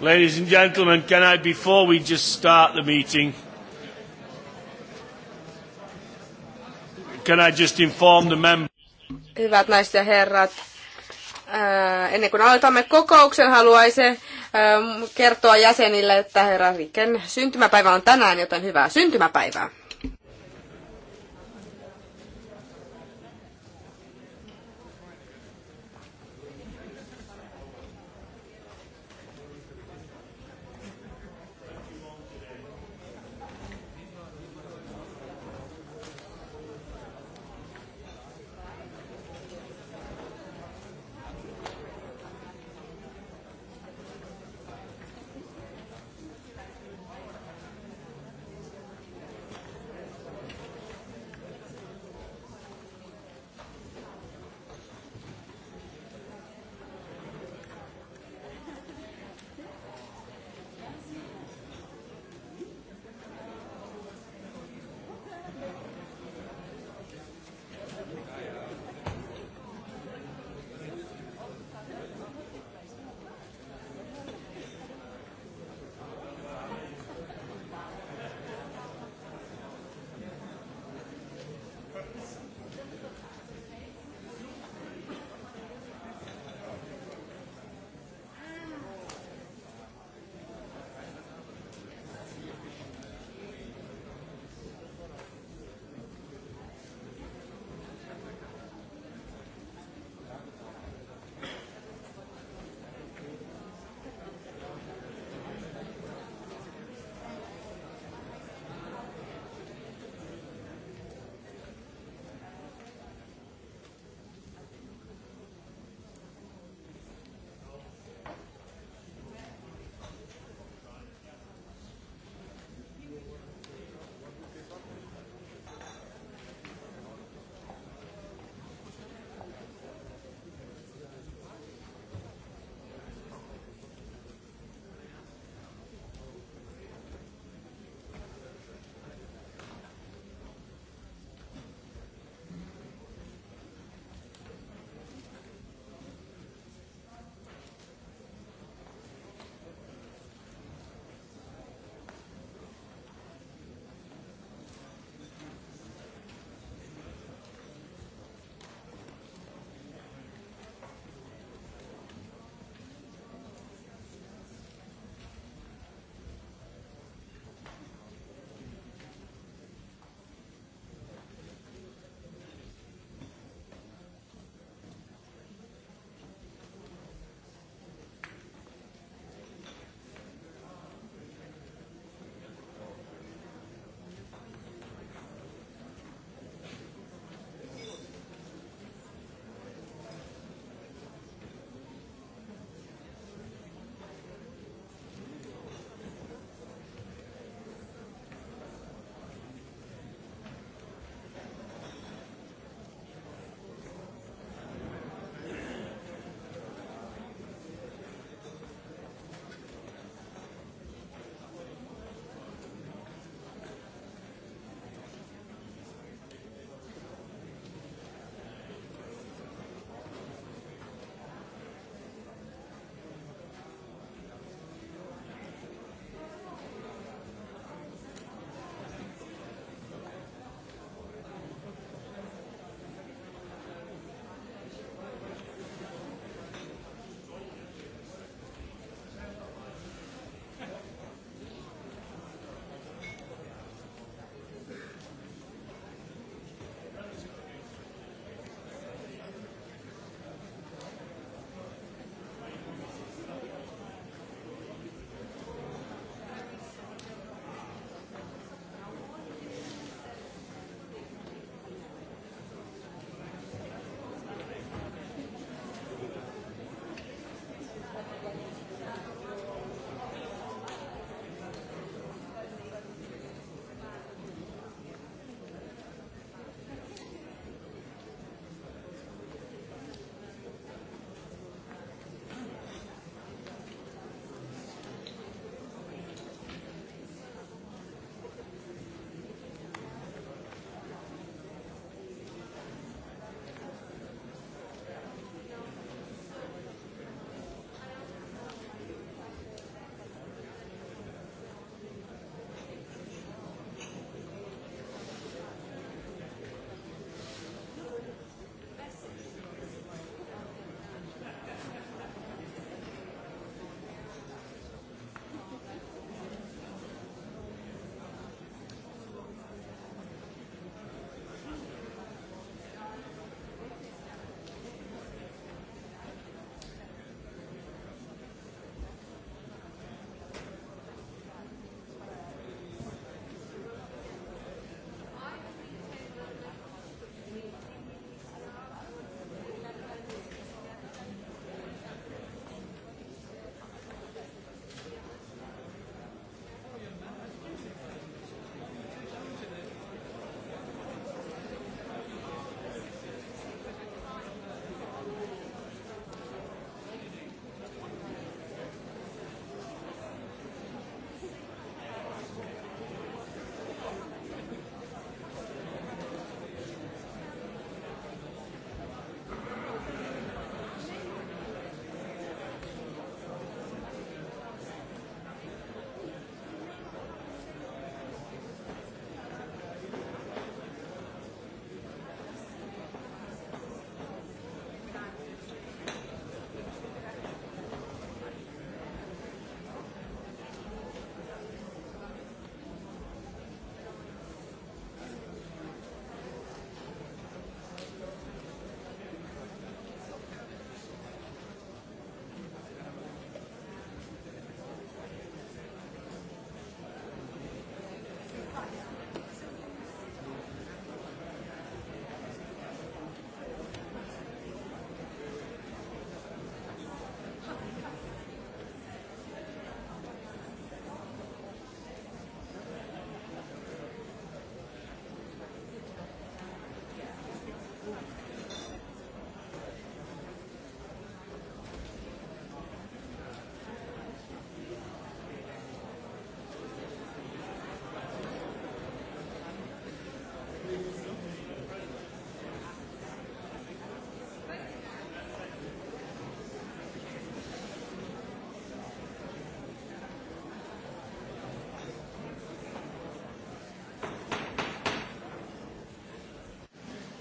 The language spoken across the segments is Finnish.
Ladies and gentlemen, can I, before we just start the meeting, can I just inform the members? Hyvät naiset ja herrat, äh, ennen kuin aloitamme kokouksen, haluaisin äh, kertoa jäsenille, että herra Riken syntymäpäivä on tänään, joten hyvää syntymäpäivää.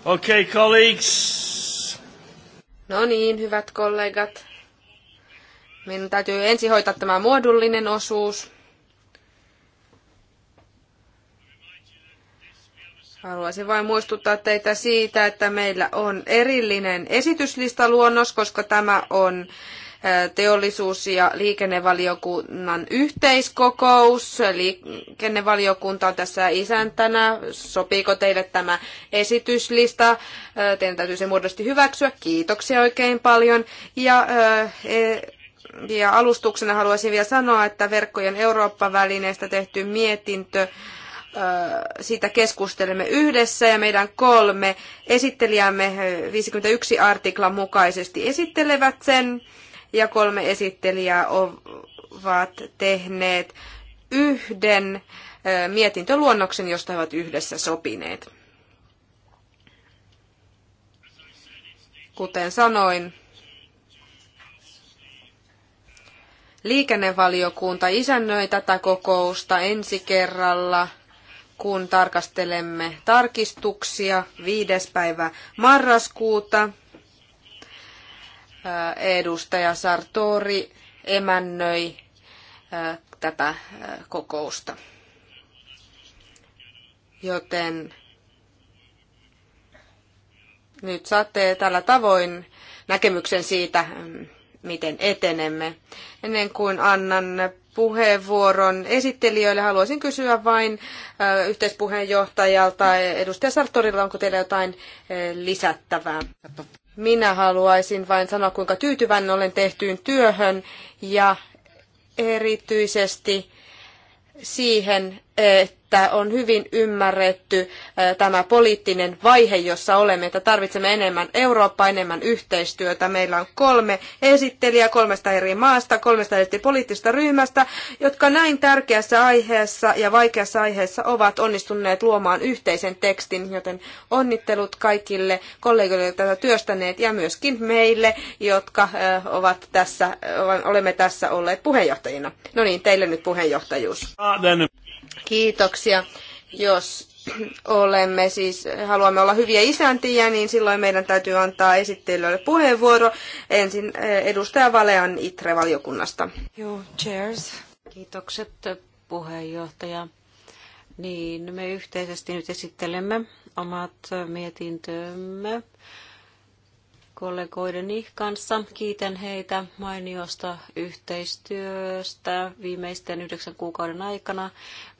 Okay, colleagues. No niin, hyvät kollegat. Minun täytyy ensin hoitaa tämä muodollinen osuus. Haluaisin vain muistuttaa teitä siitä, että meillä on erillinen esityslistaluonnos, koska tämä on teollisuus- ja liikennevaliokunnan yhteiskokous. Liikennevaliokunta on tässä isäntänä. Sopiiko teille tämä esityslista? Teidän täytyy se muodollisesti hyväksyä. Kiitoksia oikein paljon. Ja, e, ja alustuksena haluaisin vielä sanoa, että verkkojen Eurooppa-välineestä tehty mietintö siitä keskustelemme yhdessä ja meidän kolme esittelijämme 51 artiklan mukaisesti esittelevät sen ja kolme esittelijää ovat tehneet yhden mietintöluonnoksen, josta he ovat yhdessä sopineet. Kuten sanoin, liikennevaliokunta isännöi tätä kokousta ensi kerralla, kun tarkastelemme tarkistuksia 5. päivä marraskuuta. Äh, edustaja Sartori emännöi äh, tätä äh, kokousta. Joten nyt saatte tällä tavoin näkemyksen siitä, mm, miten etenemme. Ennen kuin annan puheenvuoron esittelijöille, haluaisin kysyä vain yhteispuheenjohtajalta, edustaja Sartorilla, onko teillä jotain lisättävää? Minä haluaisin vain sanoa, kuinka tyytyväinen olen tehtyyn työhön ja erityisesti siihen, että että on hyvin ymmärretty tämä poliittinen vaihe, jossa olemme, että tarvitsemme enemmän Eurooppaa, enemmän yhteistyötä. Meillä on kolme esittelijää kolmesta eri maasta, kolmesta eri poliittisesta ryhmästä, jotka näin tärkeässä aiheessa ja vaikeassa aiheessa ovat onnistuneet luomaan yhteisen tekstin, joten onnittelut kaikille kollegoille tätä työstäneet ja myöskin meille, jotka ovat tässä, olemme tässä olleet puheenjohtajina. No niin, teille nyt puheenjohtajuus. Ah, Kiitoksia. Jos olemme siis, haluamme olla hyviä isäntiä, niin silloin meidän täytyy antaa esittelijöille puheenvuoro. Ensin eh, edustaja Valean ITRE-valiokunnasta. Joo, cheers. Kiitokset puheenjohtaja. Niin, me yhteisesti nyt esittelemme omat mietintömme kollegoideni kanssa. Kiitän heitä mainiosta yhteistyöstä viimeisten yhdeksän kuukauden aikana.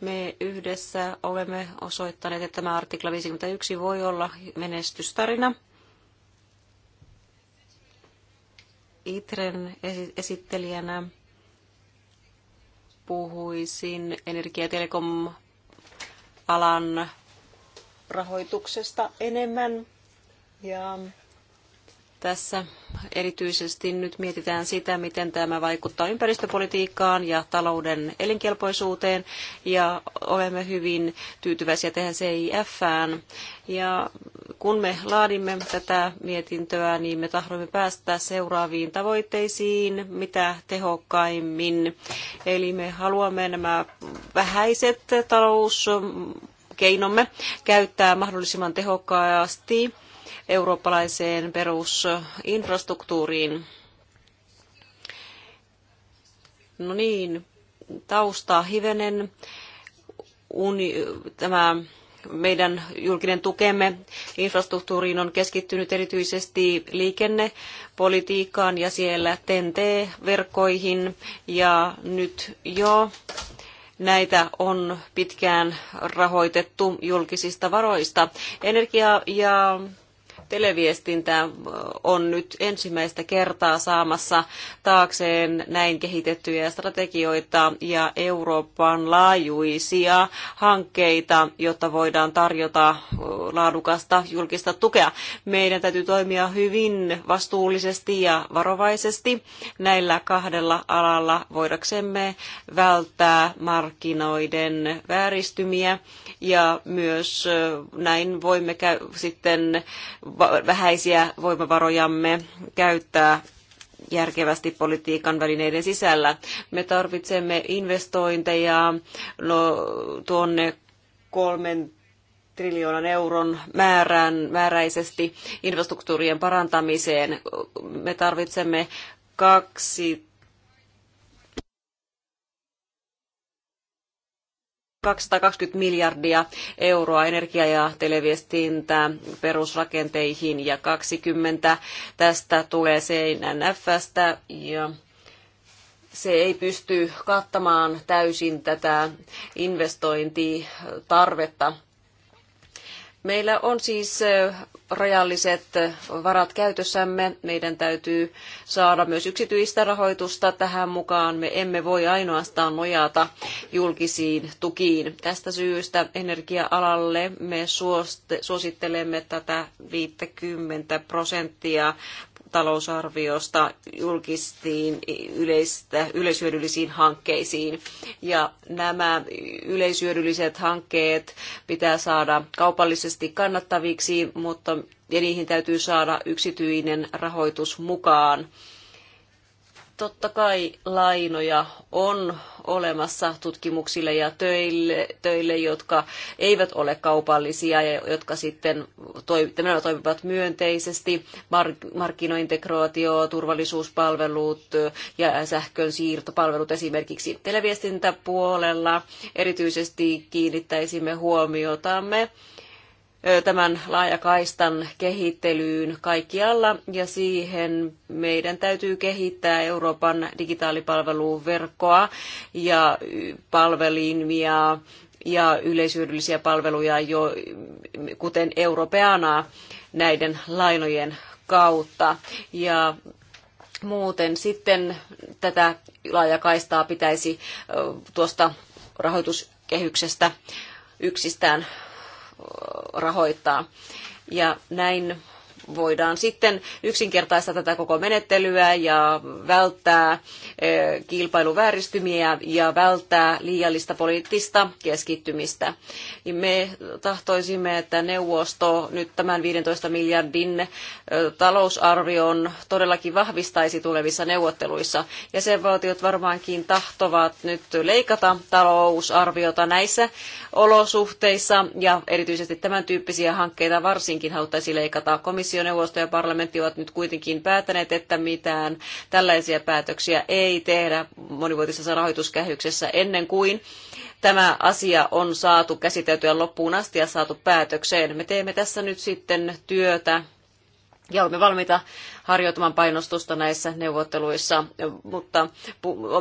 Me yhdessä olemme osoittaneet, että tämä artikla 51 voi olla menestystarina. Itren esittelijänä puhuisin energia- ja telekom-alan rahoituksesta enemmän. Ja tässä erityisesti nyt mietitään sitä, miten tämä vaikuttaa ympäristöpolitiikkaan ja talouden elinkelpoisuuteen, ja olemme hyvin tyytyväisiä tähän CIFään. Ja kun me laadimme tätä mietintöä, niin me tahdomme päästä seuraaviin tavoitteisiin mitä tehokkaimmin. Eli me haluamme nämä vähäiset talouskeinomme käyttää mahdollisimman tehokkaasti eurooppalaiseen perusinfrastruktuuriin. No niin, tausta hivenen. Uni, tämä meidän julkinen tukemme infrastruktuuriin on keskittynyt erityisesti liikennepolitiikkaan ja siellä TNT-verkkoihin ja nyt jo näitä on pitkään rahoitettu julkisista varoista. Energia- ja televiestintä on nyt ensimmäistä kertaa saamassa taakseen näin kehitettyjä strategioita ja Euroopan laajuisia hankkeita, jotta voidaan tarjota laadukasta julkista tukea. Meidän täytyy toimia hyvin vastuullisesti ja varovaisesti näillä kahdella alalla voidaksemme välttää markkinoiden vääristymiä ja myös näin voimme sitten vähäisiä voimavarojamme käyttää järkevästi politiikan välineiden sisällä. Me tarvitsemme investointeja no, tuonne kolmen triljoonan euron määrän, määräisesti infrastruktuurien parantamiseen. Me tarvitsemme kaksi 220 miljardia euroa energia- ja televiestintää perusrakenteihin ja 20 tästä tulee CNFstä ja se ei pysty kattamaan täysin tätä investointitarvetta Meillä on siis rajalliset varat käytössämme. Meidän täytyy saada myös yksityistä rahoitusta tähän mukaan. Me emme voi ainoastaan nojata julkisiin tukiin. Tästä syystä energia-alalle me suosittelemme tätä 50 prosenttia talousarviosta julkistiin yleistä, yleishyödyllisiin hankkeisiin. Ja nämä yleishyödylliset hankkeet pitää saada kaupallisesti kannattaviksi, mutta ja niihin täytyy saada yksityinen rahoitus mukaan. Totta kai lainoja on olemassa tutkimuksille ja töille, töille jotka eivät ole kaupallisia ja jotka sitten toimivat myönteisesti, markkinointegraatio, turvallisuuspalvelut ja sähkön siirtopalvelut esimerkiksi televiestintäpuolella. Erityisesti kiinnittäisimme huomiotamme tämän laajakaistan kehittelyyn kaikkialla ja siihen meidän täytyy kehittää Euroopan digitaalipalveluverkkoa ja palvelinmia ja yleisyydellisiä palveluja, jo, kuten Europeana näiden lainojen kautta. Ja muuten sitten tätä laajakaistaa pitäisi tuosta rahoituskehyksestä yksistään rahoittaa. Ja näin voidaan sitten yksinkertaistaa tätä koko menettelyä ja välttää eh, kilpailuvääristymiä ja välttää liiallista poliittista keskittymistä. Me tahtoisimme, että neuvosto nyt tämän 15 miljardin eh, talousarvion todellakin vahvistaisi tulevissa neuvotteluissa. Jäsenvaltiot varmaankin tahtovat nyt leikata talousarviota näissä olosuhteissa ja erityisesti tämän tyyppisiä hankkeita varsinkin haluttaisiin leikata komissio komissioneuvosto ja parlamentti ovat nyt kuitenkin päättäneet, että mitään tällaisia päätöksiä ei tehdä monivuotisessa rahoituskehyksessä ennen kuin tämä asia on saatu käsiteltyä loppuun asti ja saatu päätökseen. Me teemme tässä nyt sitten työtä ja olemme valmiita harjoittamaan painostusta näissä neuvotteluissa, mutta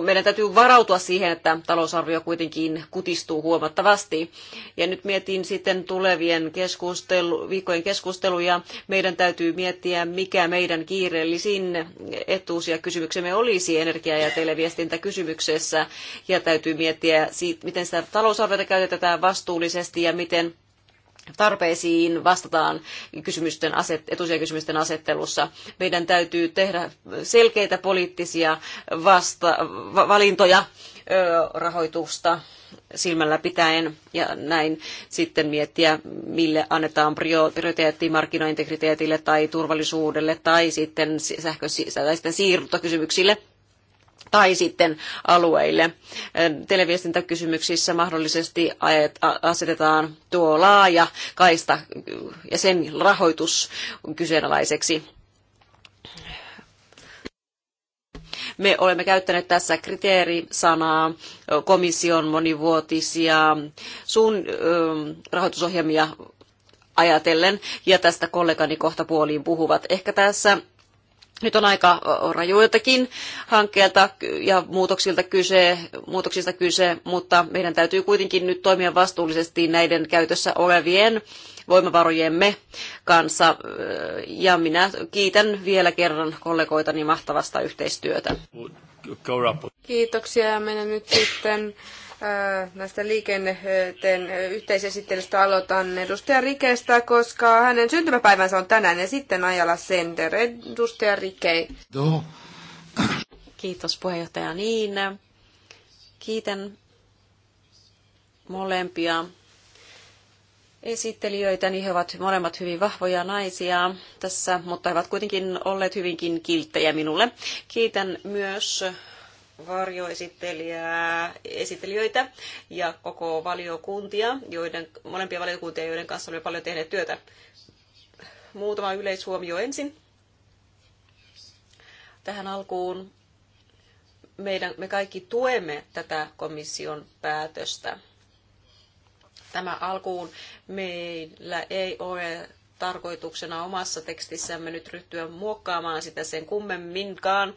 meidän täytyy varautua siihen, että talousarvio kuitenkin kutistuu huomattavasti. Ja nyt mietin sitten tulevien keskustelu, viikkojen keskusteluja. Meidän täytyy miettiä, mikä meidän kiireellisin etuus ja kysymyksemme olisi energia- ja televiestintäkysymyksessä. Ja täytyy miettiä, siitä, miten sitä talousarviota käytetään vastuullisesti ja miten tarpeisiin vastataan kysymysten aset, etusijakysymysten asettelussa. Meidän täytyy tehdä selkeitä poliittisia vasta, valintoja rahoitusta silmällä pitäen ja näin sitten miettiä, mille annetaan prioriteetti markkinaintegriteetille tai turvallisuudelle tai sitten sähkö- tai sitten siirtokysymyksille tai sitten alueille. Televiestintäkysymyksissä mahdollisesti asetetaan tuo laaja kaista ja sen rahoitus kyseenalaiseksi. Me olemme käyttäneet tässä kriteerisanaa komission monivuotisia suun rahoitusohjelmia ajatellen, ja tästä kollegani kohta puoliin puhuvat. Ehkä tässä nyt on aika rajuiltakin hankkeelta ja muutoksilta kyse, muutoksista kyse, mutta meidän täytyy kuitenkin nyt toimia vastuullisesti näiden käytössä olevien voimavarojemme kanssa. Ja minä kiitän vielä kerran kollegoitani mahtavasta yhteistyötä. Kiitoksia ja menen nyt sitten Äh, näistä liikenteen äh, yhteisesittelystä aloitan edustaja Rikestä, koska hänen syntymäpäivänsä on tänään ja sitten ajalla Sender. Edustaja Rike. Joo. Kiitos puheenjohtaja Niin. Kiitän molempia esittelijöitä, niin he ovat molemmat hyvin vahvoja naisia tässä, mutta he ovat kuitenkin olleet hyvinkin kilttejä minulle. Kiitän myös varjoesittelijöitä ja koko valiokuntia, joiden, molempia valiokuntia, joiden kanssa olemme paljon tehneet työtä. Muutama yleishuomio ensin. Tähän alkuun meidän, me kaikki tuemme tätä komission päätöstä. Tämä alkuun meillä ei ole tarkoituksena omassa tekstissämme nyt ryhtyä muokkaamaan sitä sen kummemminkaan,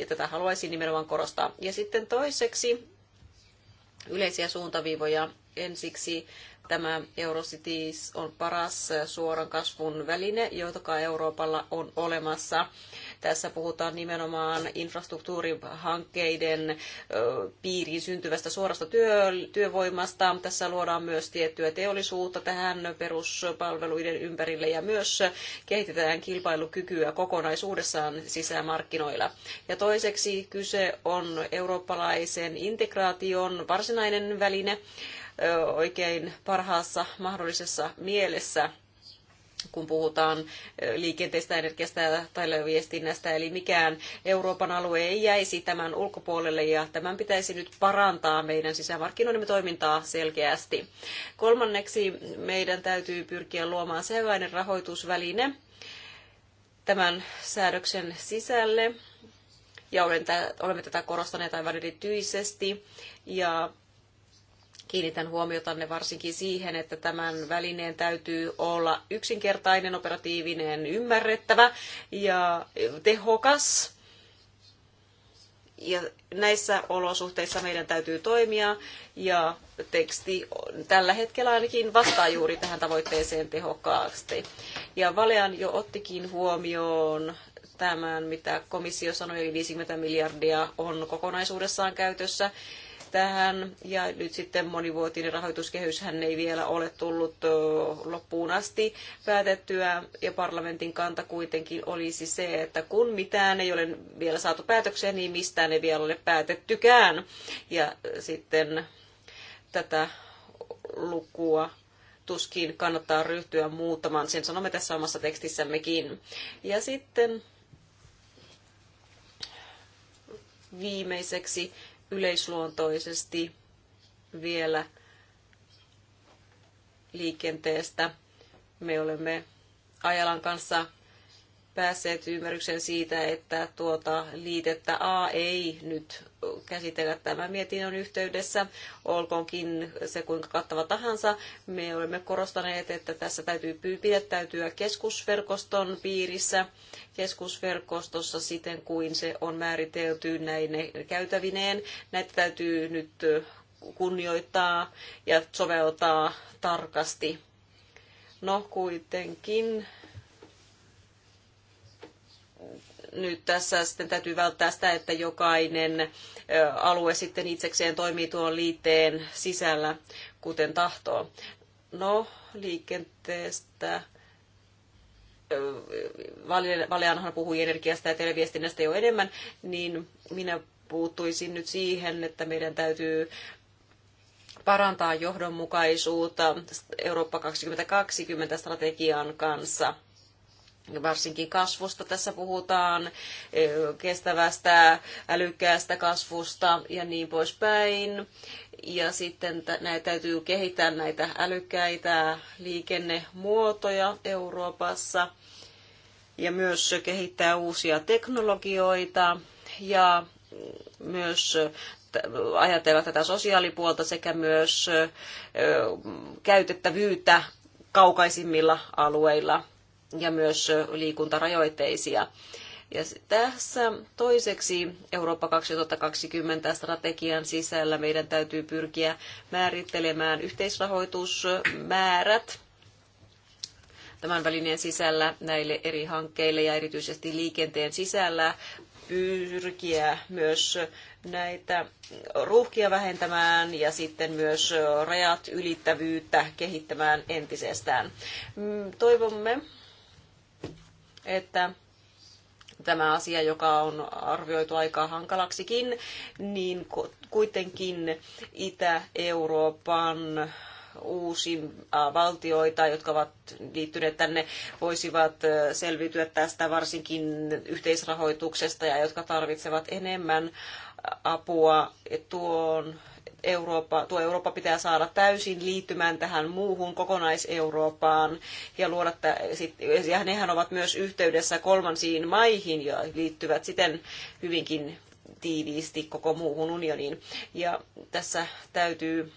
ja tätä haluaisin nimenomaan korostaa. Ja sitten toiseksi yleisiä suuntaviivoja. Ensiksi tämä Eurocities on paras suoran kasvun väline, joka Euroopalla on olemassa tässä puhutaan nimenomaan infrastruktuurihankkeiden piiriin syntyvästä suorasta työ, työvoimasta. Tässä luodaan myös tiettyä teollisuutta tähän peruspalveluiden ympärille ja myös kehitetään kilpailukykyä kokonaisuudessaan sisämarkkinoilla. Ja toiseksi kyse on eurooppalaisen integraation varsinainen väline oikein parhaassa mahdollisessa mielessä kun puhutaan eh, liikenteestä, energiasta tai viestinnästä, eli mikään Euroopan alue ei jäisi tämän ulkopuolelle, ja tämän pitäisi nyt parantaa meidän sisämarkkinoidemme toimintaa selkeästi. Kolmanneksi meidän täytyy pyrkiä luomaan sellainen rahoitusväline tämän säädöksen sisälle, ja olemme tätä korostaneet aivan erityisesti, ja Kiinnitän huomiotanne varsinkin siihen, että tämän välineen täytyy olla yksinkertainen, operatiivinen, ymmärrettävä ja tehokas. Ja näissä olosuhteissa meidän täytyy toimia ja teksti tällä hetkellä ainakin vastaa juuri tähän tavoitteeseen tehokkaasti. Ja Valean jo ottikin huomioon tämän, mitä komissio sanoi, eli 50 miljardia on kokonaisuudessaan käytössä tähän. Ja nyt sitten monivuotinen hän ei vielä ole tullut loppuun asti päätettyä. Ja parlamentin kanta kuitenkin olisi se, että kun mitään ei ole vielä saatu päätökseen, niin mistään ei vielä ole päätettykään. Ja sitten tätä lukua tuskin kannattaa ryhtyä muuttamaan. Sen sanomme tässä omassa tekstissämmekin. Ja sitten viimeiseksi yleisluontoisesti vielä liikenteestä. Me olemme Ajalan kanssa päässeet ymmärrykseen siitä, että tuota liitettä A ei nyt käsitellä tämän mietinnön yhteydessä, olkoonkin se kuinka kattava tahansa. Me olemme korostaneet, että tässä täytyy pidättäytyä keskusverkoston piirissä, keskusverkostossa siten kuin se on määritelty näin käytävineen. Näitä täytyy nyt kunnioittaa ja soveltaa tarkasti. No kuitenkin nyt tässä sitten täytyy välttää sitä, että jokainen alue sitten itsekseen toimii tuon liitteen sisällä, kuten tahtoo. No, liikenteestä. Valeanhan puhui energiasta ja televiestinnästä jo enemmän, niin minä puuttuisin nyt siihen, että meidän täytyy parantaa johdonmukaisuutta Eurooppa 2020 strategian kanssa – varsinkin kasvusta. Tässä puhutaan kestävästä, älykkäästä kasvusta ja niin poispäin. Ja sitten näitä täytyy kehittää näitä älykkäitä liikennemuotoja Euroopassa ja myös kehittää uusia teknologioita ja myös ajatella tätä sosiaalipuolta sekä myös käytettävyyttä kaukaisimmilla alueilla ja myös liikuntarajoitteisia. Ja tässä toiseksi Eurooppa 2020 strategian sisällä meidän täytyy pyrkiä määrittelemään yhteisrahoitusmäärät tämän välineen sisällä näille eri hankkeille ja erityisesti liikenteen sisällä pyrkiä myös näitä ruuhkia vähentämään ja sitten myös rajat ylittävyyttä kehittämään entisestään. Mm, toivomme, että tämä asia, joka on arvioitu aika hankalaksikin, niin kuitenkin Itä-Euroopan uusia valtioita, jotka ovat liittyneet tänne, voisivat selviytyä tästä varsinkin yhteisrahoituksesta ja jotka tarvitsevat enemmän apua tuon Eurooppa, tuo Eurooppa pitää saada täysin liittymään tähän muuhun kokonais-Eurooppaan ja luoda, ja nehän ovat myös yhteydessä kolmansiin maihin ja liittyvät siten hyvinkin tiiviisti koko muuhun unioniin. Ja tässä täytyy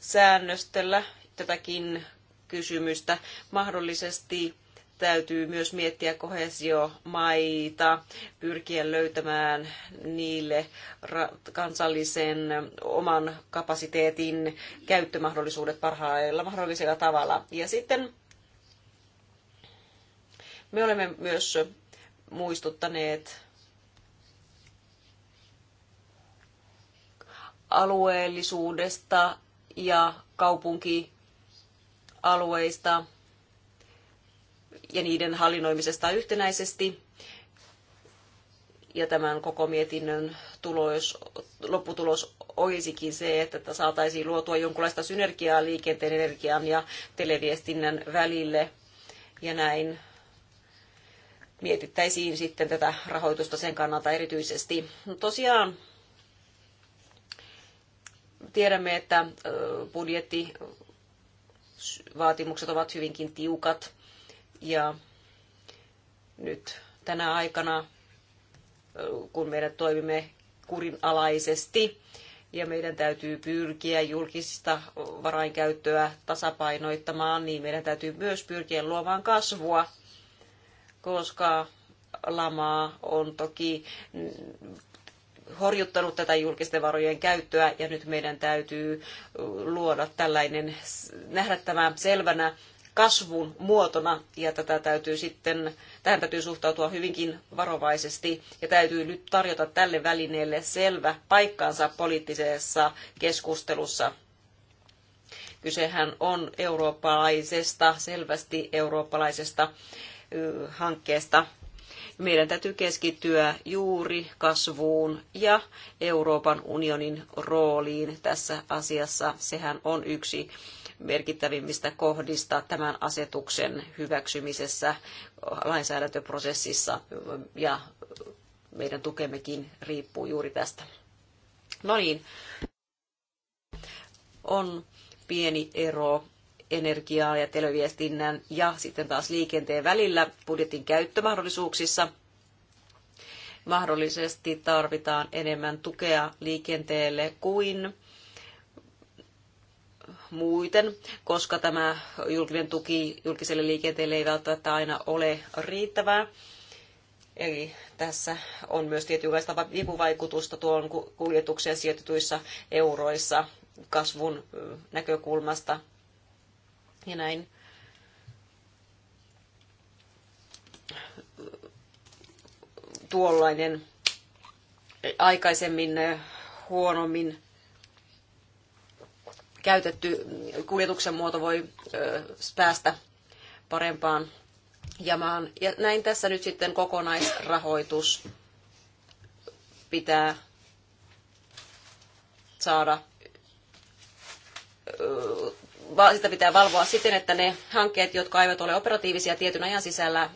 säännöstellä tätäkin kysymystä mahdollisesti täytyy myös miettiä kohesiomaita, pyrkiä löytämään niille kansallisen oman kapasiteetin käyttömahdollisuudet parhailla mahdollisella tavalla. Ja sitten me olemme myös muistuttaneet alueellisuudesta ja kaupunkialueista – ja niiden hallinnoimisesta yhtenäisesti. Ja tämän koko mietinnön tulos, lopputulos olisikin se, että saataisiin luotua jonkinlaista synergiaa liikenteen energian ja televiestinnän välille. Ja näin mietittäisiin sitten tätä rahoitusta sen kannalta erityisesti. No tosiaan tiedämme, että budjettivaatimukset ovat hyvinkin tiukat ja nyt tänä aikana, kun meidän toimimme kurinalaisesti, ja meidän täytyy pyrkiä julkista varainkäyttöä tasapainoittamaan, niin meidän täytyy myös pyrkiä luomaan kasvua, koska lamaa on toki horjuttanut tätä julkisten varojen käyttöä ja nyt meidän täytyy luoda tällainen, nähdä tämä selvänä kasvun muotona ja tätä täytyy sitten, tähän täytyy suhtautua hyvinkin varovaisesti ja täytyy nyt tarjota tälle välineelle selvä paikkaansa poliittisessa keskustelussa. Kysehän on eurooppalaisesta, selvästi eurooppalaisesta hankkeesta. Meidän täytyy keskittyä juuri kasvuun ja Euroopan unionin rooliin tässä asiassa. Sehän on yksi merkittävimmistä kohdista tämän asetuksen hyväksymisessä lainsäädäntöprosessissa ja meidän tukemmekin riippuu juuri tästä. No niin, on pieni ero energiaa ja televiestinnän ja sitten taas liikenteen välillä budjetin käyttömahdollisuuksissa. Mahdollisesti tarvitaan enemmän tukea liikenteelle kuin muuten, koska tämä julkinen tuki julkiselle liikenteelle ei välttämättä aina ole riittävää. Eli tässä on myös tietynlaista vipuvaikutusta tuon kuljetukseen sijoitetuissa euroissa kasvun näkökulmasta ja näin. Tuollainen aikaisemmin huonommin käytetty kuljetuksen muoto voi päästä parempaan jamaan. Ja näin tässä nyt sitten kokonaisrahoitus pitää saada sitä pitää valvoa siten, että ne hankkeet, jotka eivät ole operatiivisia tietyn ajan sisällä,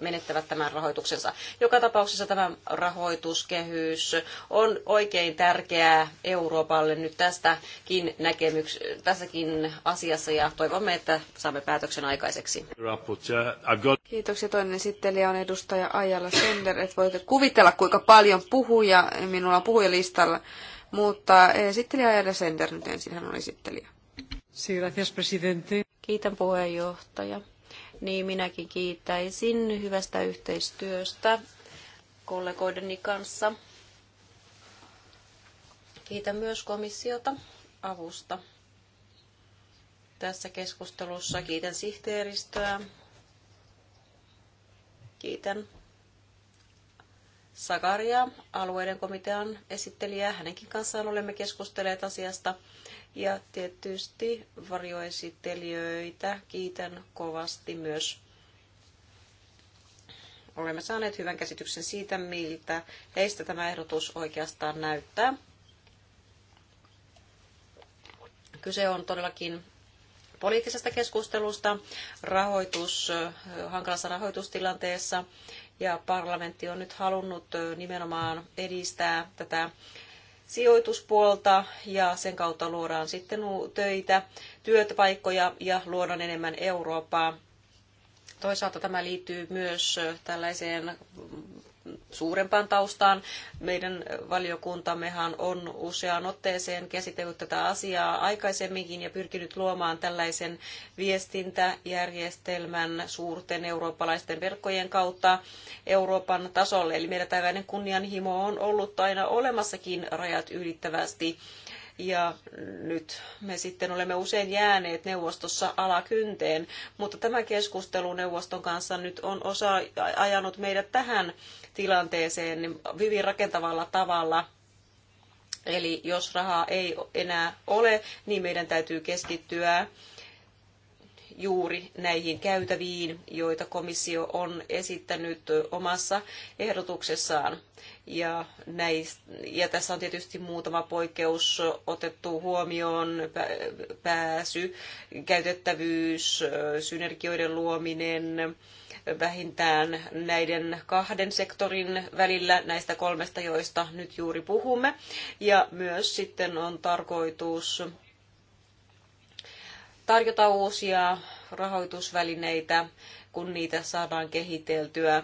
menettävät tämän rahoituksensa. Joka tapauksessa tämä rahoituskehys on oikein tärkeää Euroopalle nyt tästäkin, näkemyks- tässäkin asiassa ja toivomme, että saamme päätöksen aikaiseksi. Kiitoksia. Toinen esittelijä on edustaja Ajala Sender. Et voitte kuvitella, kuinka paljon puhuja minulla on puhujalistalla. Mutta esittelijä Ajala Sender nyt ensin, hän on esittelijä. Kiitän puheenjohtaja. Niin minäkin kiittäisin hyvästä yhteistyöstä kollegoideni kanssa. Kiitän myös komissiota avusta tässä keskustelussa. Kiitän sihteeristöä. Kiitän Sakaria alueiden komitean esittelijää. Hänenkin kanssaan olemme keskustelleet asiasta. Ja tietysti varjoesittelijöitä kiitän kovasti myös. Olemme saaneet hyvän käsityksen siitä, miltä heistä tämä ehdotus oikeastaan näyttää. Kyse on todellakin poliittisesta keskustelusta rahoitus, hankalassa rahoitustilanteessa ja parlamentti on nyt halunnut nimenomaan edistää tätä sijoituspuolta ja sen kautta luodaan sitten töitä, työpaikkoja ja luodaan enemmän Eurooppaa. Toisaalta tämä liittyy myös tällaiseen suurempaan taustaan. Meidän valiokuntammehan on useaan otteeseen käsitellyt tätä asiaa aikaisemminkin ja pyrkinyt luomaan tällaisen viestintäjärjestelmän suurten eurooppalaisten verkkojen kautta Euroopan tasolle. Eli meillä tällainen kunnianhimo on ollut aina olemassakin rajat ylittävästi ja nyt me sitten olemme usein jääneet neuvostossa alakynteen, mutta tämä keskustelu neuvoston kanssa nyt on osa ajanut meidät tähän tilanteeseen hyvin rakentavalla tavalla. Eli jos rahaa ei enää ole, niin meidän täytyy keskittyä juuri näihin käytäviin, joita komissio on esittänyt omassa ehdotuksessaan. Ja, näistä, ja tässä on tietysti muutama poikkeus otettu huomioon, pääsy, käytettävyys, synergioiden luominen, vähintään näiden kahden sektorin välillä näistä kolmesta, joista nyt juuri puhumme. Ja myös sitten on tarkoitus tarjota uusia rahoitusvälineitä, kun niitä saadaan kehiteltyä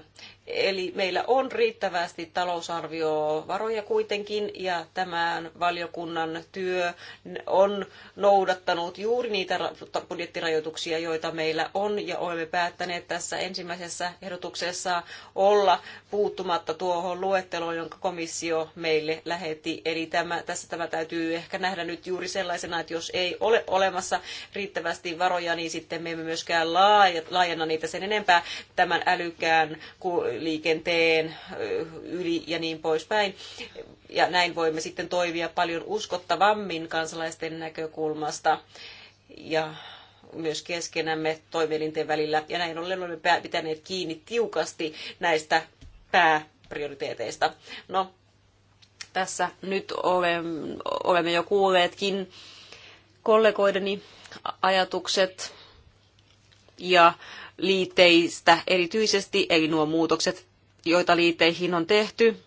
Eli meillä on riittävästi talousarviovaroja kuitenkin ja tämän valiokunnan työ on noudattanut juuri niitä budjettirajoituksia, joita meillä on ja olemme päättäneet tässä ensimmäisessä ehdotuksessa olla puuttumatta tuohon luetteloon, jonka komissio meille lähetti. Eli tämä, tässä tämä täytyy ehkä nähdä nyt juuri sellaisena, että jos ei ole olemassa riittävästi varoja, niin sitten me emme myöskään laajenna niitä sen enempää tämän älykkään kuin liikenteen yli ja niin poispäin. Ja näin voimme sitten toimia paljon uskottavammin kansalaisten näkökulmasta ja myös keskenämme toimielinten välillä. Ja näin ollen olemme pitäneet kiinni tiukasti näistä pääprioriteeteista. No, tässä nyt olemme jo kuulleetkin kollegoideni ajatukset ja liitteistä erityisesti, eli nuo muutokset, joita liitteihin on tehty.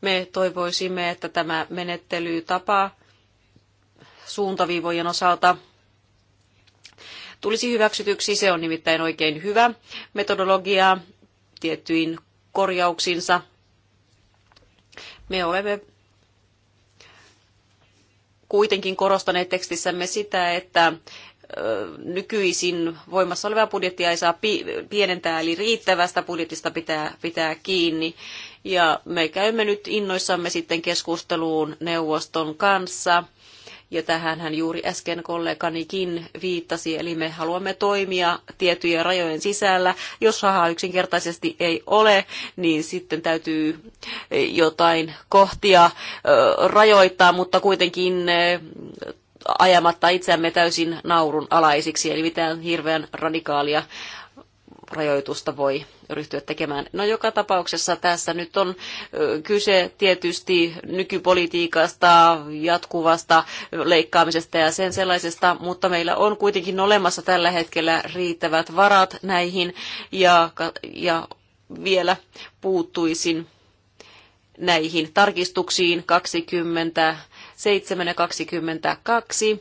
Me toivoisimme, että tämä menettelytapa suuntaviivojen osalta tulisi hyväksytyksi. Se on nimittäin oikein hyvä metodologia tiettyin korjauksinsa. Me olemme kuitenkin korostaneet tekstissämme sitä, että nykyisin voimassa olevaa budjettia ei saa pienentää, eli riittävästä budjetista pitää, pitää kiinni. Ja me käymme nyt innoissamme sitten keskusteluun neuvoston kanssa. Ja tähänhän juuri äsken kolleganikin viittasi, eli me haluamme toimia tiettyjen rajojen sisällä. Jos rahaa yksinkertaisesti ei ole, niin sitten täytyy eh, jotain kohtia rajoittaa, mutta kuitenkin eh, ajamatta itseämme täysin naurun alaisiksi, eli mitään hirveän radikaalia rajoitusta voi ryhtyä tekemään. No joka tapauksessa tässä nyt on kyse tietysti nykypolitiikasta, jatkuvasta leikkaamisesta ja sen sellaisesta, mutta meillä on kuitenkin olemassa tällä hetkellä riittävät varat näihin ja, ja vielä puuttuisin näihin tarkistuksiin 20 7.22.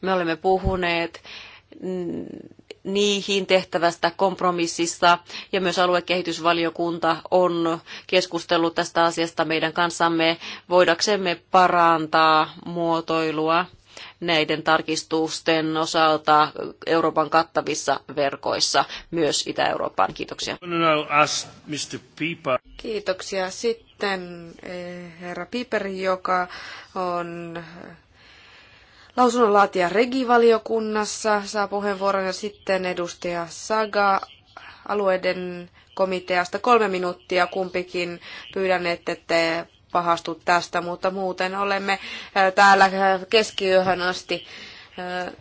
Me olemme puhuneet niihin tehtävästä kompromississa ja myös aluekehitysvaliokunta on keskustellut tästä asiasta meidän kanssamme voidaksemme parantaa muotoilua näiden tarkistusten osalta Euroopan kattavissa verkoissa myös Itä-Eurooppaan. Kiitoksia. Kiitoksia. Sitten eh, herra Piper, joka on eh, lausunnonlaatija regivaliokunnassa, saa puheenvuoron ja sitten edustaja Saga alueiden komiteasta kolme minuuttia kumpikin. Pyydän, että te pahastu tästä, mutta muuten olemme äh, täällä äh, keskiyöhön asti. Äh,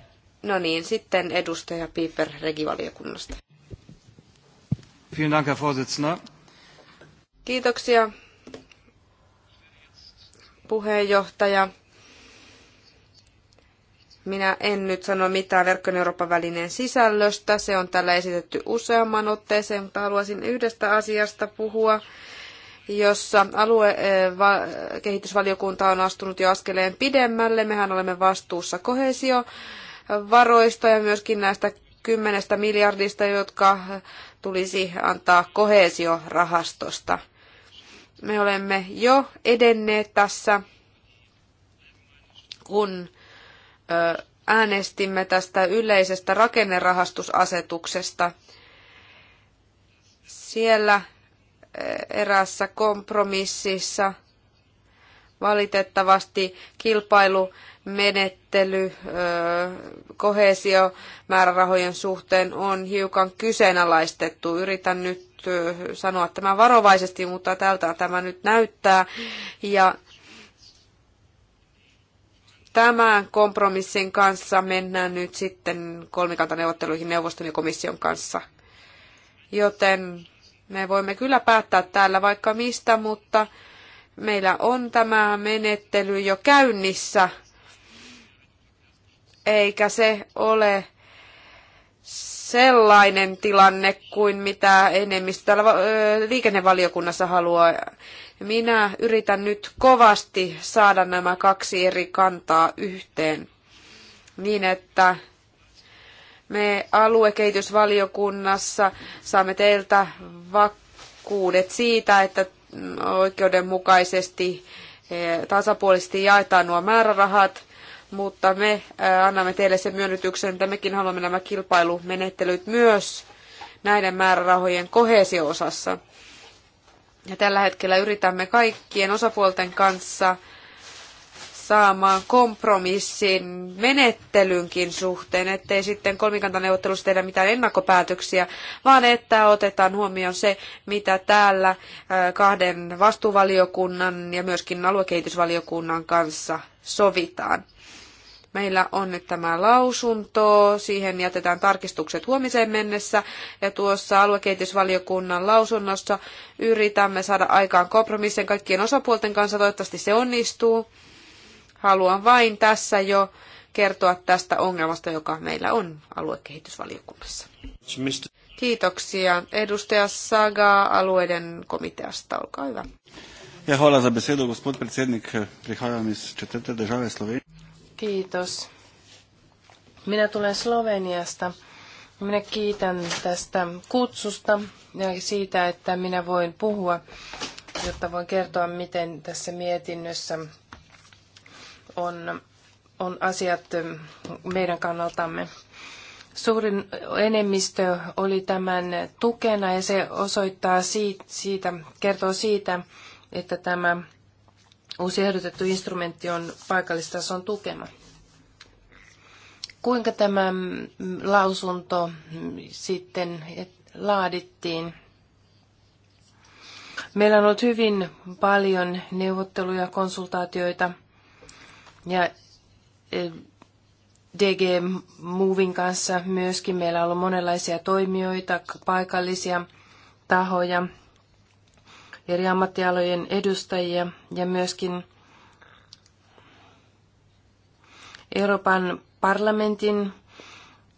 no niin, sitten edustaja Piper regivaliokunnasta. Vielen Dank, Herr Vorsitzender. Kiitoksia, puheenjohtaja. Minä en nyt sano mitään verkkojen Euroopan välineen sisällöstä. Se on täällä esitetty useamman otteeseen, mutta haluaisin yhdestä asiasta puhua, jossa aluekehitysvaliokunta eh, on astunut jo askeleen pidemmälle. Mehän olemme vastuussa kohesiovaroista ja myöskin näistä kymmenestä miljardista, jotka tulisi antaa kohesiorahastosta. Me olemme jo edenneet tässä, kun äänestimme tästä yleisestä rakennerahastusasetuksesta. Siellä erässä kompromississa valitettavasti kilpailu menettely määrärahojen suhteen on hiukan kyseenalaistettu. Yritän nyt sanoa tämä varovaisesti, mutta tältä tämä nyt näyttää. Ja tämän kompromissin kanssa mennään nyt sitten kolmikantaneuvotteluihin neuvoston ja komission kanssa. Joten me voimme kyllä päättää täällä vaikka mistä, mutta meillä on tämä menettely jo käynnissä, eikä se ole sellainen tilanne kuin mitä enemmistö täällä liikennevaliokunnassa haluaa. Minä yritän nyt kovasti saada nämä kaksi eri kantaa yhteen niin, että me aluekehitysvaliokunnassa saamme teiltä vakuudet siitä, että oikeudenmukaisesti eh, tasapuolisesti jaetaan nuo määrärahat, mutta me eh, annamme teille sen myönnytyksen, että mekin haluamme nämä kilpailumenettelyt myös näiden määrärahojen kohesioosassa. Ja tällä hetkellä yritämme kaikkien osapuolten kanssa saamaan kompromissin menettelynkin suhteen, ettei sitten kolmikantaneuvottelussa tehdä mitään ennakkopäätöksiä, vaan että otetaan huomioon se, mitä täällä kahden vastuuvaliokunnan ja myöskin aluekehitysvaliokunnan kanssa sovitaan. Meillä on nyt tämä lausunto, siihen jätetään tarkistukset huomiseen mennessä ja tuossa aluekehitysvaliokunnan lausunnossa yritämme saada aikaan kompromissin kaikkien osapuolten kanssa, toivottavasti se onnistuu. Haluan vain tässä jo kertoa tästä ongelmasta, joka meillä on aluekehitysvaliokunnassa. Kiitoksia. Edustaja Saga alueiden komiteasta, olkaa hyvä. Ja hvala za besedo, gospod predsednik. Prihajam iz četvrte države Slovenije. Kiitos. Minä tulen Sloveniasta. Minä kiitän tästä kutsusta ja siitä, että minä voin puhua, jotta voin kertoa, miten tässä mietinnössä on, on asiat meidän kannaltamme. Suurin enemmistö oli tämän tukena ja se osoittaa siitä, siitä kertoo siitä, että tämä uusi ehdotettu instrumentti on paikallistason tukema. Kuinka tämä lausunto sitten laadittiin? Meillä on ollut hyvin paljon neuvotteluja, konsultaatioita – ja e, DG Movin kanssa myöskin meillä on ollut monenlaisia toimijoita, paikallisia tahoja, eri ammattialojen edustajia ja myöskin Euroopan parlamentin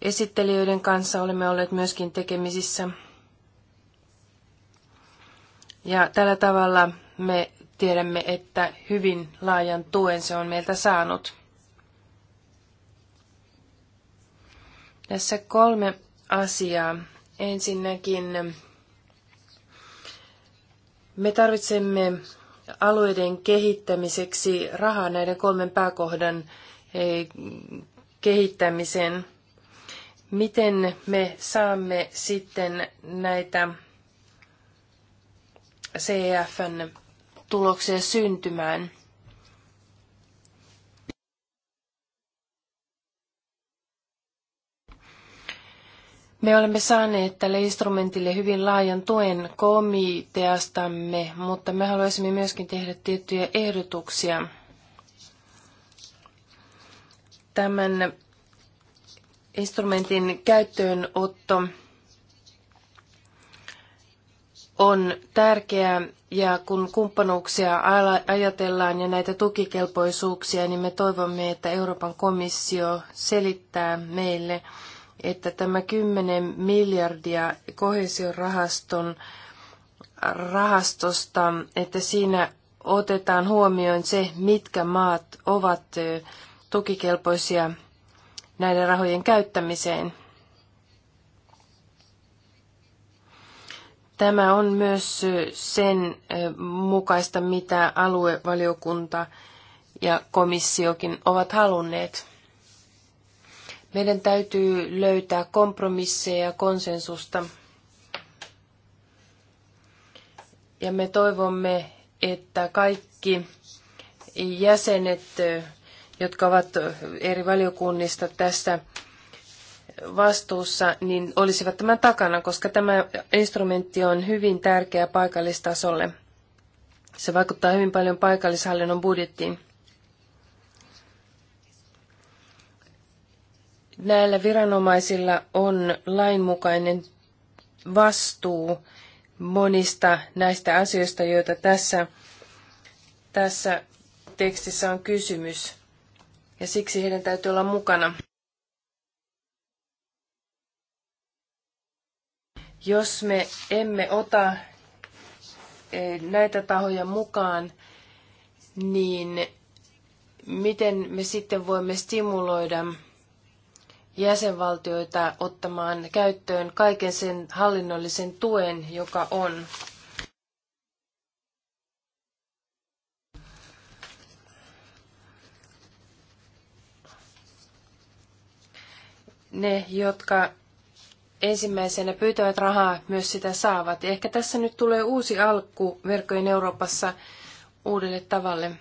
esittelijöiden kanssa olemme olleet myöskin tekemisissä. Ja tällä tavalla me tiedämme, että hyvin laajan tuen se on meiltä saanut. Tässä kolme asiaa. Ensinnäkin me tarvitsemme alueiden kehittämiseksi rahaa näiden kolmen pääkohdan e, kehittämiseen. Miten me saamme sitten näitä CEFn tulokseen syntymään. Me olemme saaneet tälle instrumentille hyvin laajan tuen komiteastamme, mutta me haluaisimme myöskin tehdä tiettyjä ehdotuksia tämän instrumentin käyttöönotto on tärkeää ja kun kumppanuuksia ajatellaan ja näitä tukikelpoisuuksia, niin me toivomme, että Euroopan komissio selittää meille, että tämä 10 miljardia kohesiorahaston rahastosta, että siinä otetaan huomioon se, mitkä maat ovat tukikelpoisia näiden rahojen käyttämiseen. Tämä on myös sen mukaista, mitä aluevaliokunta ja komissiokin ovat halunneet. Meidän täytyy löytää kompromisseja ja konsensusta. Ja me toivomme, että kaikki jäsenet, jotka ovat eri valiokunnista tässä vastuussa, niin olisivat tämän takana, koska tämä instrumentti on hyvin tärkeä paikallistasolle. Se vaikuttaa hyvin paljon paikallishallinnon budjettiin. Näillä viranomaisilla on lainmukainen vastuu monista näistä asioista, joita tässä, tässä tekstissä on kysymys. Ja siksi heidän täytyy olla mukana. Jos me emme ota eh, näitä tahoja mukaan, niin miten me sitten voimme stimuloida jäsenvaltioita ottamaan käyttöön kaiken sen hallinnollisen tuen, joka on. Ne, jotka ensimmäisenä pyytävät rahaa myös sitä saavat. Ja ehkä tässä nyt tulee uusi alku verkkojen Euroopassa uudelle tavalle.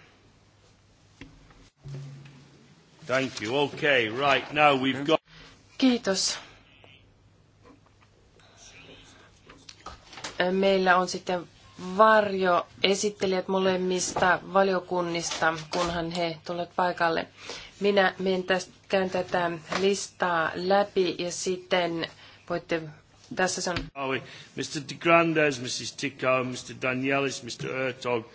Thank you. Okay, right. Now we've got... Kiitos. Meillä on sitten varjo esittelijät molemmista valiokunnista, kunhan he tulevat paikalle. Minä menen tästä, käyn tätä listaa läpi ja sitten Voitte tässä sanoa. Mr. De Grandes, Mrs. Tico, Mr. Danielis, Mr. Ertog,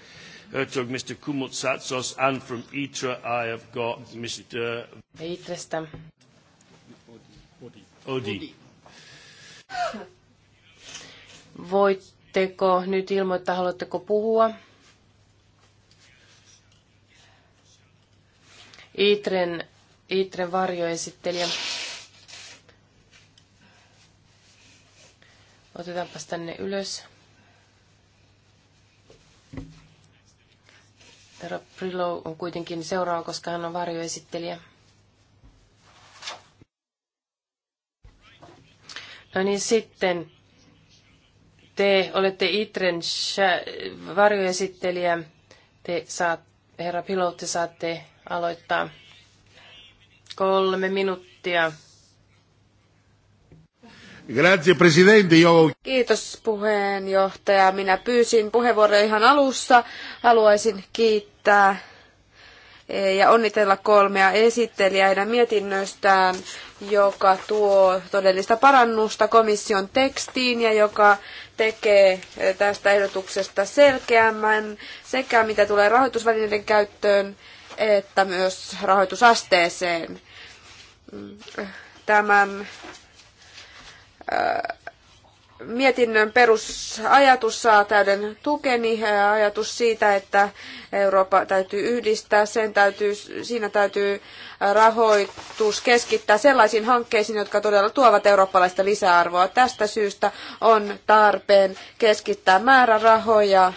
Ertog, Mr. Kumutsatsos, and from ITRA I have got Mr. ITREstä. Odi. Voitteko nyt ilmoittaa, haluatteko puhua? Itren, Itren varjoesittelijä. Otetaanpas tänne ylös. Herra Prillo on kuitenkin seuraava, koska hän on varjoesittelijä. No niin, sitten te olette Itren varjoesittelijä. Te saat, herra Pilo, te saatte aloittaa kolme minuuttia. Grazie, presidente. Io... Kiitos puheenjohtaja. Minä pyysin puheenvuoroa ihan alussa. Haluaisin kiittää eh, ja onnitella kolmea esittelijää heidän mietinnöstään, joka tuo todellista parannusta komission tekstiin ja joka tekee eh, tästä ehdotuksesta selkeämmän sekä mitä tulee rahoitusvälineiden käyttöön että myös rahoitusasteeseen. Mm, eh, tämän mietinnön perusajatus saa täyden tukeni. Ajatus siitä, että Eurooppa täytyy yhdistää, sen täytyy, siinä täytyy rahoitus keskittää sellaisiin hankkeisiin, jotka todella tuovat eurooppalaista lisäarvoa. Tästä syystä on tarpeen keskittää määrärahoja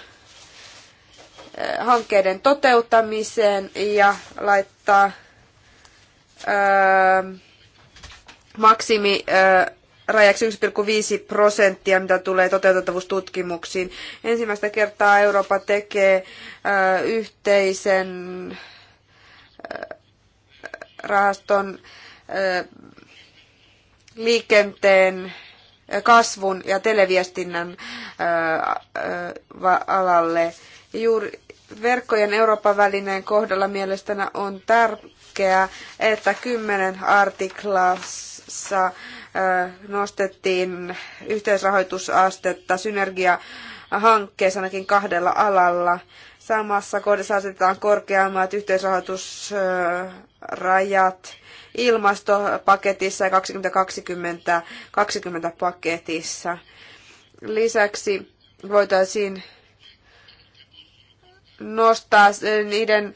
hankkeiden toteuttamiseen ja laittaa öö, maksimi rajaksi 1,5 prosenttia, mitä tulee toteutettavuustutkimuksiin. Ensimmäistä kertaa Eurooppa tekee yhteisen rahaston liikenteen kasvun ja televiestinnän alalle. Juuri verkkojen Euroopan välineen kohdalla mielestäni on tärkeää, että 10 artiklassa kokouksessa nostettiin yhteisrahoitusastetta synergia ainakin kahdella alalla. Samassa kohdassa asetetaan korkeammat yhteisrahoitusrajat ilmastopaketissa ja 2020 paketissa. Lisäksi voitaisiin nostaa niiden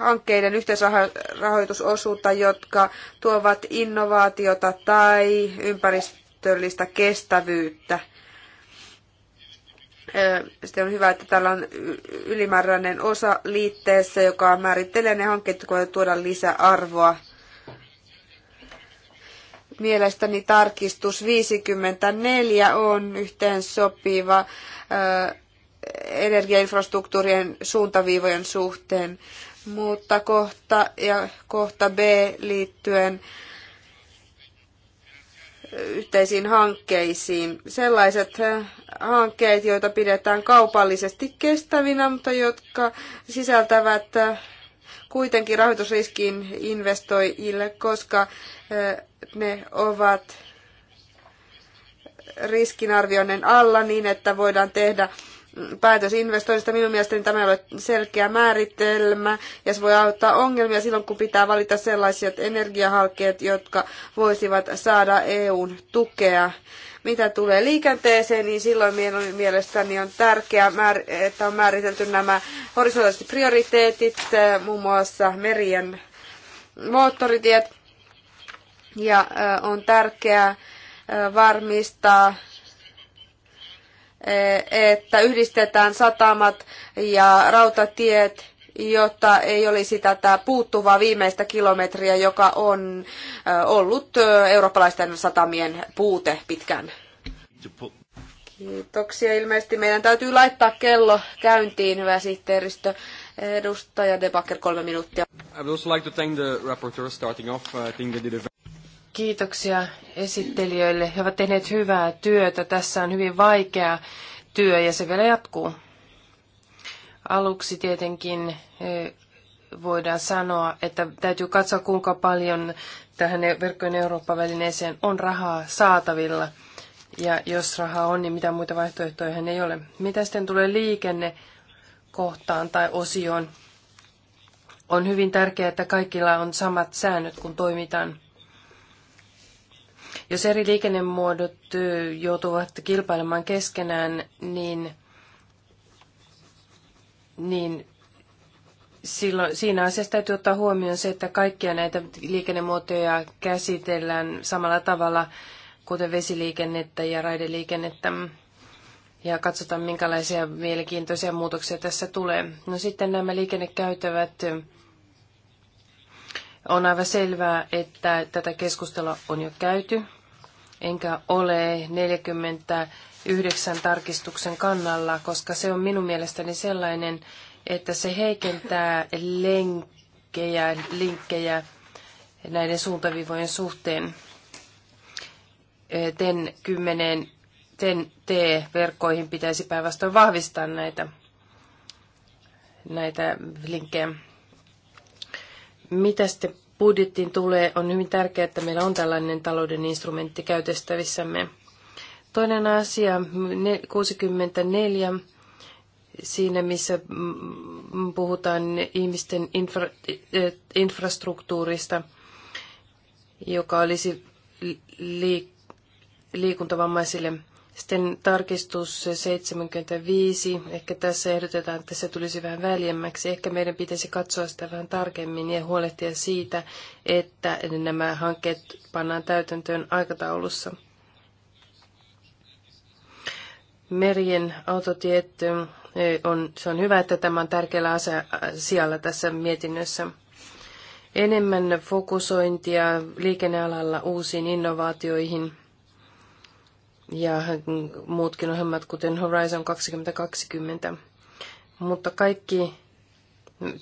hankkeiden yhteisrahoitusosuutta, jotka tuovat innovaatiota tai ympäristöllistä kestävyyttä. Sitten on hyvä, että täällä on ylimääräinen osa liitteessä, joka määrittelee ne hankkeet, jotka voivat tuoda lisäarvoa. Mielestäni tarkistus 54 on yhteen sopiva energiainfrastruktuurien suuntaviivojen suhteen mutta kohta ja kohta B liittyen yhteisiin hankkeisiin. Sellaiset eh, hankkeet, joita pidetään kaupallisesti kestävinä, mutta jotka sisältävät eh, kuitenkin rahoitusriskin investoijille, koska eh, ne ovat riskinarvioinnin alla niin, että voidaan tehdä päätös investoinnista. Minun mielestäni tämä ei ole selkeä määritelmä ja se voi auttaa ongelmia silloin, kun pitää valita sellaiset energiahankkeet, jotka voisivat saada EUn tukea. Mitä tulee liikenteeseen, niin silloin mielestäni on tärkeää, että on määritelty nämä horisontaaliset prioriteetit, äh, muun muassa merien moottoritiet. Ja äh, on tärkeää äh, varmistaa Eh, että yhdistetään satamat ja rautatiet, jotta ei olisi tätä puuttuvaa viimeistä kilometriä, joka on eh, ollut eh, eurooppalaisten satamien puute pitkään. Kiitoksia. Ilmeisesti meidän täytyy laittaa kello käyntiin, hyvä sihteeristö. Edustaja Debakker, kolme minuuttia. I would also like to thank the rapporteur starting off. I think they did a Kiitoksia esittelijöille. He ovat tehneet hyvää työtä. Tässä on hyvin vaikea työ ja se vielä jatkuu. Aluksi tietenkin eh, voidaan sanoa, että täytyy katsoa kuinka paljon tähän verkkojen Eurooppa-välineeseen on rahaa saatavilla. Ja jos rahaa on, niin mitä muita vaihtoehtoja hän ei ole. Mitä sitten tulee liikennekohtaan tai osioon? On hyvin tärkeää, että kaikilla on samat säännöt, kun toimitaan jos eri liikennemuodot joutuvat kilpailemaan keskenään, niin, niin silloin, siinä asiassa täytyy ottaa huomioon se, että kaikkia näitä liikennemuotoja käsitellään samalla tavalla, kuten vesiliikennettä ja raideliikennettä. Ja katsotaan, minkälaisia mielenkiintoisia muutoksia tässä tulee. No sitten nämä liikennekäytävät. On aivan selvää, että tätä keskustelua on jo käyty enkä ole 49 tarkistuksen kannalla, koska se on minun mielestäni sellainen, että se heikentää lenkkejä, linkkejä näiden suuntavivojen suhteen. TEN 10 TEN T-verkkoihin pitäisi päinvastoin vahvistaa näitä, näitä linkkejä. Mitä sitten budjettiin tulee, on hyvin tärkeää, että meillä on tällainen talouden instrumentti käytettävissämme. Toinen asia, 64, siinä missä puhutaan ihmisten infra, e, infrastruktuurista, joka olisi liik- liikuntavammaisille – sitten tarkistus 75. Ehkä tässä ehdotetaan, että se tulisi vähän väljemmäksi. Ehkä meidän pitäisi katsoa sitä vähän tarkemmin ja huolehtia siitä, että nämä hankkeet pannaan täytäntöön aikataulussa. Merien autotiet e, on, se on hyvä, että tämä on tärkeällä asia, sijalla tässä mietinnössä. Enemmän fokusointia liikennealalla uusiin innovaatioihin – ja muutkin ohjelmat, kuten Horizon 2020. Mutta kaikki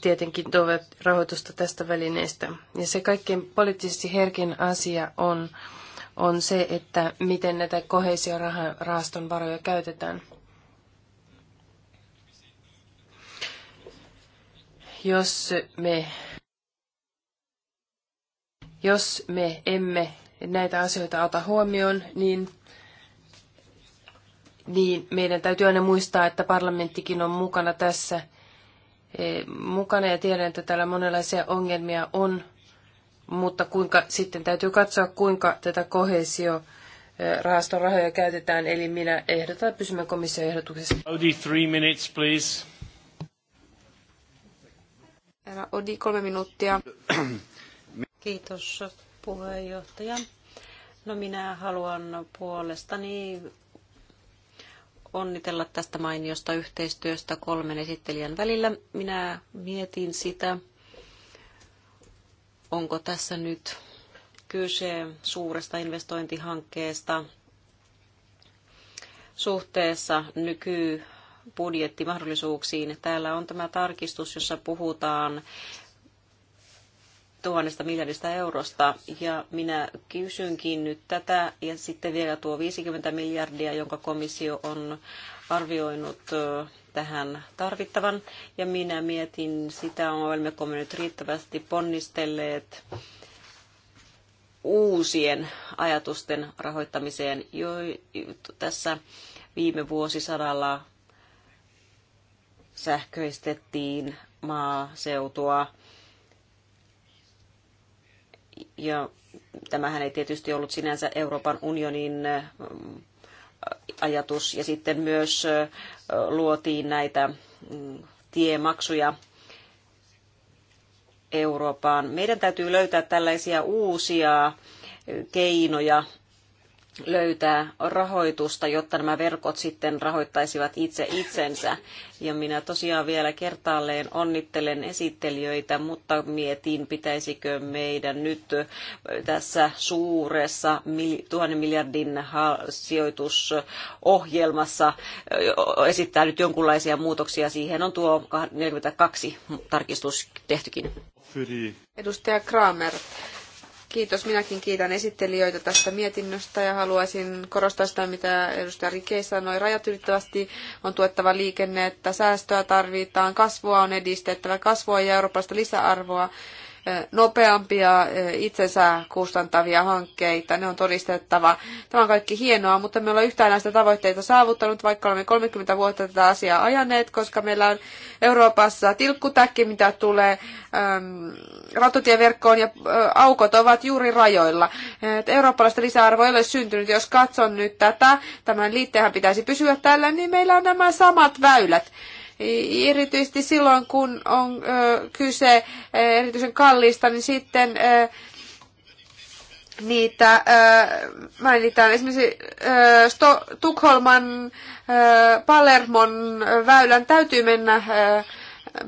tietenkin tuovat rahoitusta tästä välineestä. Ja se kaikkein poliittisesti herkin asia on, on se, että miten näitä kohesiorahaston varoja käytetään. Jos me, jos me emme näitä asioita ota huomioon, niin niin meidän täytyy aina muistaa, että parlamenttikin on mukana tässä e, mukana ja tiedän, että täällä monenlaisia ongelmia on, mutta kuinka sitten täytyy katsoa, kuinka tätä kohesio rahaston rahoja käytetään, eli minä ehdotan pysymme komission ehdotuksessa. Audi, three minutes, please. Herra Odi, kolme minuuttia. Kiitos puheenjohtaja. No minä haluan puolestani onnitella tästä mainiosta yhteistyöstä kolmen esittelijän välillä. Minä mietin sitä, onko tässä nyt kyse suuresta investointihankkeesta suhteessa nyky budjettimahdollisuuksiin. Täällä on tämä tarkistus, jossa puhutaan tuhannesta miljardista eurosta. Ja minä kysynkin nyt tätä ja sitten vielä tuo 50 miljardia, jonka komissio on arvioinut tähän tarvittavan. Ja minä mietin sitä, olemmeko me nyt riittävästi ponnistelleet uusien ajatusten rahoittamiseen jo tässä viime vuosisadalla sähköistettiin maaseutua ja tämähän ei tietysti ollut sinänsä Euroopan unionin ajatus. Ja sitten myös luotiin näitä mm, tiemaksuja Eurooppaan. Meidän täytyy löytää tällaisia uusia keinoja löytää rahoitusta, jotta nämä verkot sitten rahoittaisivat itse itsensä. Ja minä tosiaan vielä kertaalleen onnittelen esittelijöitä, mutta mietin, pitäisikö meidän nyt tässä suuressa tuhannen miljardin sijoitusohjelmassa esittää nyt jonkunlaisia muutoksia. Siihen on tuo 42 tarkistus tehtykin. Edustaja Kramer, Kiitos. Minäkin kiitän esittelijöitä tästä mietinnöstä ja haluaisin korostaa sitä, mitä edustaja Rike sanoi. Rajat ylittävästi on tuettava liikennettä, säästöä tarvitaan, kasvua on edistettävä, kasvua ja eurooppalaista lisäarvoa nopeampia itsensä kustantavia hankkeita, ne on todistettava. Tämä on kaikki hienoa, mutta me ollaan yhtään näistä tavoitteita saavuttanut, vaikka olemme 30 vuotta tätä asiaa ajaneet, koska meillä on Euroopassa tilkkutäkki, mitä tulee äm, ratotieverkkoon, ja ä, aukot ovat juuri rajoilla. Et eurooppalaista lisäarvoa ei ole syntynyt. Jos katson nyt tätä, tämän liitteenhän pitäisi pysyä tällä, niin meillä on nämä samat väylät. Erityisesti silloin, kun on kyse erityisen kalliista, niin sitten niitä äh, mainitaan. Esimerkiksi äh, Sto- Tukholman Palermon väylän täytyy mennä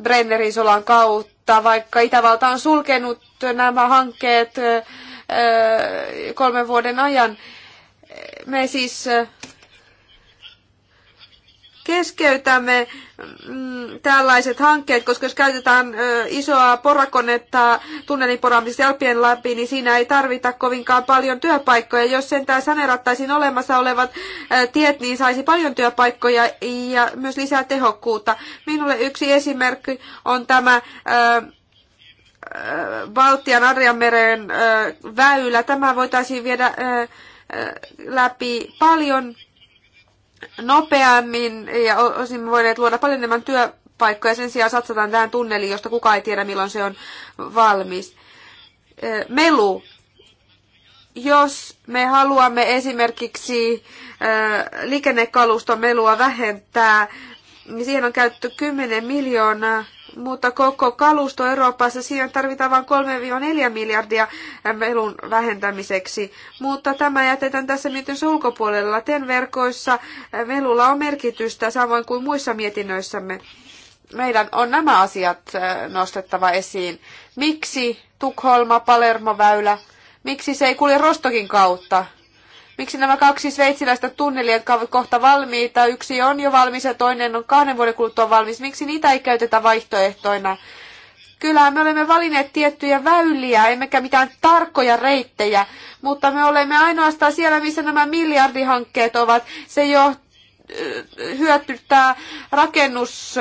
Brennerin solan kautta, vaikka Itävalta on sulkenut nämä hankkeet äh, kolmen vuoden ajan. Me siis keskeytämme mm, tällaiset hankkeet, koska jos käytetään isoa porakonetta tunnelin poraamisessa Alpien läpi, niin siinä ei tarvita kovinkaan paljon työpaikkoja. Jos sentään sanerattaisiin olemassa olevat tiet, niin saisi paljon työpaikkoja ja myös lisää tehokkuutta. Minulle yksi esimerkki on tämä Valtian Arjanmeren väylä. Tämä voitaisiin viedä läpi paljon nopeammin ja olisimme voineet luoda paljon enemmän työpaikkoja. Sen sijaan satsataan tähän tunneliin, josta kukaan ei tiedä milloin se on valmis. Melu. Jos me haluamme esimerkiksi liikennekaluston melua vähentää, niin siihen on käytetty 10 miljoonaa mutta koko kalusto Euroopassa, siihen tarvitaan vain 3-4 miljardia melun vähentämiseksi. Mutta tämä jätetään tässä mietinnössä ulkopuolella. TEN-verkoissa melulla on merkitystä samoin kuin muissa mietinnöissämme. Meidän on nämä asiat nostettava esiin. Miksi Tukholma-Palermo-väylä? Miksi se ei kulje Rostokin kautta? Miksi nämä kaksi sveitsiläistä tunnelia, jotka ovat kohta valmiita, yksi on jo valmis ja toinen on kahden vuoden kuluttua valmis, miksi niitä ei käytetä vaihtoehtoina? Kyllä, me olemme valinneet tiettyjä väyliä, emmekä mitään tarkkoja reittejä, mutta me olemme ainoastaan siellä, missä nämä miljardihankkeet ovat. Se jo hyötyttää rakennus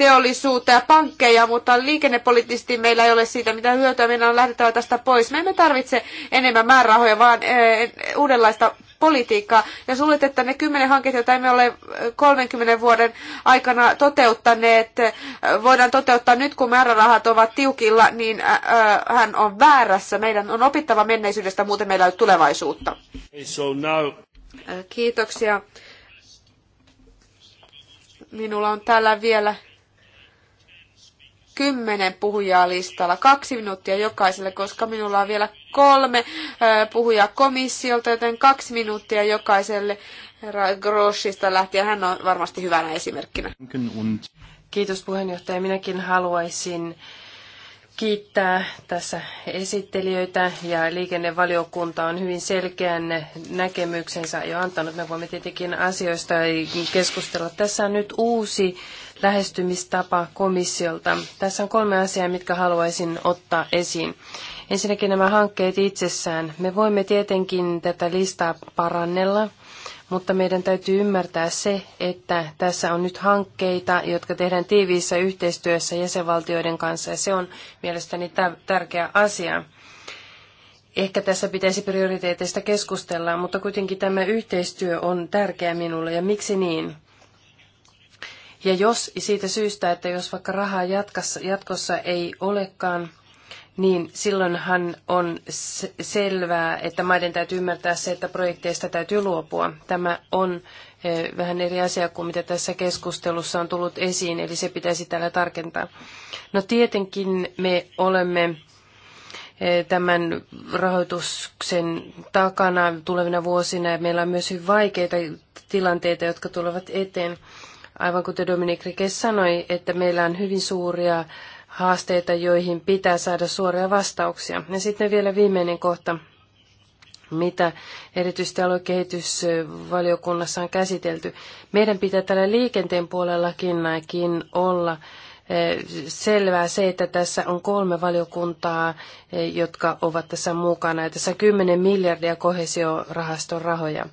teollisuutta ja pankkeja, mutta liikennepoliittisesti meillä ei ole siitä mitään hyötyä, meidän on lähdettävä tästä pois. Me emme tarvitse enemmän määrärahoja, vaan eh, uudenlaista politiikkaa. Ja että ne kymmenen hanketta, joita emme ole 30 eh, vuoden aikana toteuttaneet, eh, voidaan toteuttaa nyt, kun määrärahat ovat tiukilla, niin hän on väärässä. Meidän on opittava menneisyydestä, muuten meillä ei ole tulevaisuutta. Kiitoksia. Minulla on täällä vielä kymmenen puhujaa listalla, kaksi minuuttia jokaiselle, koska minulla on vielä kolme puhujaa komissiolta, joten kaksi minuuttia jokaiselle. Herra Groschista lähtien, hän on varmasti hyvänä esimerkkinä. Kiitos puheenjohtaja. Minäkin haluaisin kiittää tässä esittelijöitä ja liikennevaliokunta on hyvin selkeän näkemyksensä jo antanut. Me voimme tietenkin asioista keskustella. Tässä on nyt uusi lähestymistapa komissiolta. Tässä on kolme asiaa, mitkä haluaisin ottaa esiin. Ensinnäkin nämä hankkeet itsessään. Me voimme tietenkin tätä listaa parannella, mutta meidän täytyy ymmärtää se, että tässä on nyt hankkeita, jotka tehdään tiiviissä yhteistyössä jäsenvaltioiden kanssa, ja se on mielestäni tärkeä asia. Ehkä tässä pitäisi prioriteeteista keskustella, mutta kuitenkin tämä yhteistyö on tärkeä minulle, ja miksi niin? Ja jos siitä syystä, että jos vaikka rahaa jatkossa, jatkossa ei olekaan, niin silloinhan on selvää, että maiden täytyy ymmärtää se, että projekteista täytyy luopua. Tämä on eh, vähän eri asia kuin mitä tässä keskustelussa on tullut esiin, eli se pitäisi täällä tarkentaa. No tietenkin me olemme eh, tämän rahoituksen takana tulevina vuosina ja meillä on myös hyvin vaikeita tilanteita, jotka tulevat eteen aivan kuten Dominik Rike sanoi, että meillä on hyvin suuria haasteita, joihin pitää saada suoria vastauksia. Ja sitten vielä viimeinen kohta, mitä erityisesti aluekehitysvaliokunnassa on käsitelty. Meidän pitää tällä liikenteen puolellakin olla eh, selvää se, että tässä on kolme valiokuntaa, eh, jotka ovat tässä mukana. Ja tässä on 10 miljardia kohesiorahaston rahoja.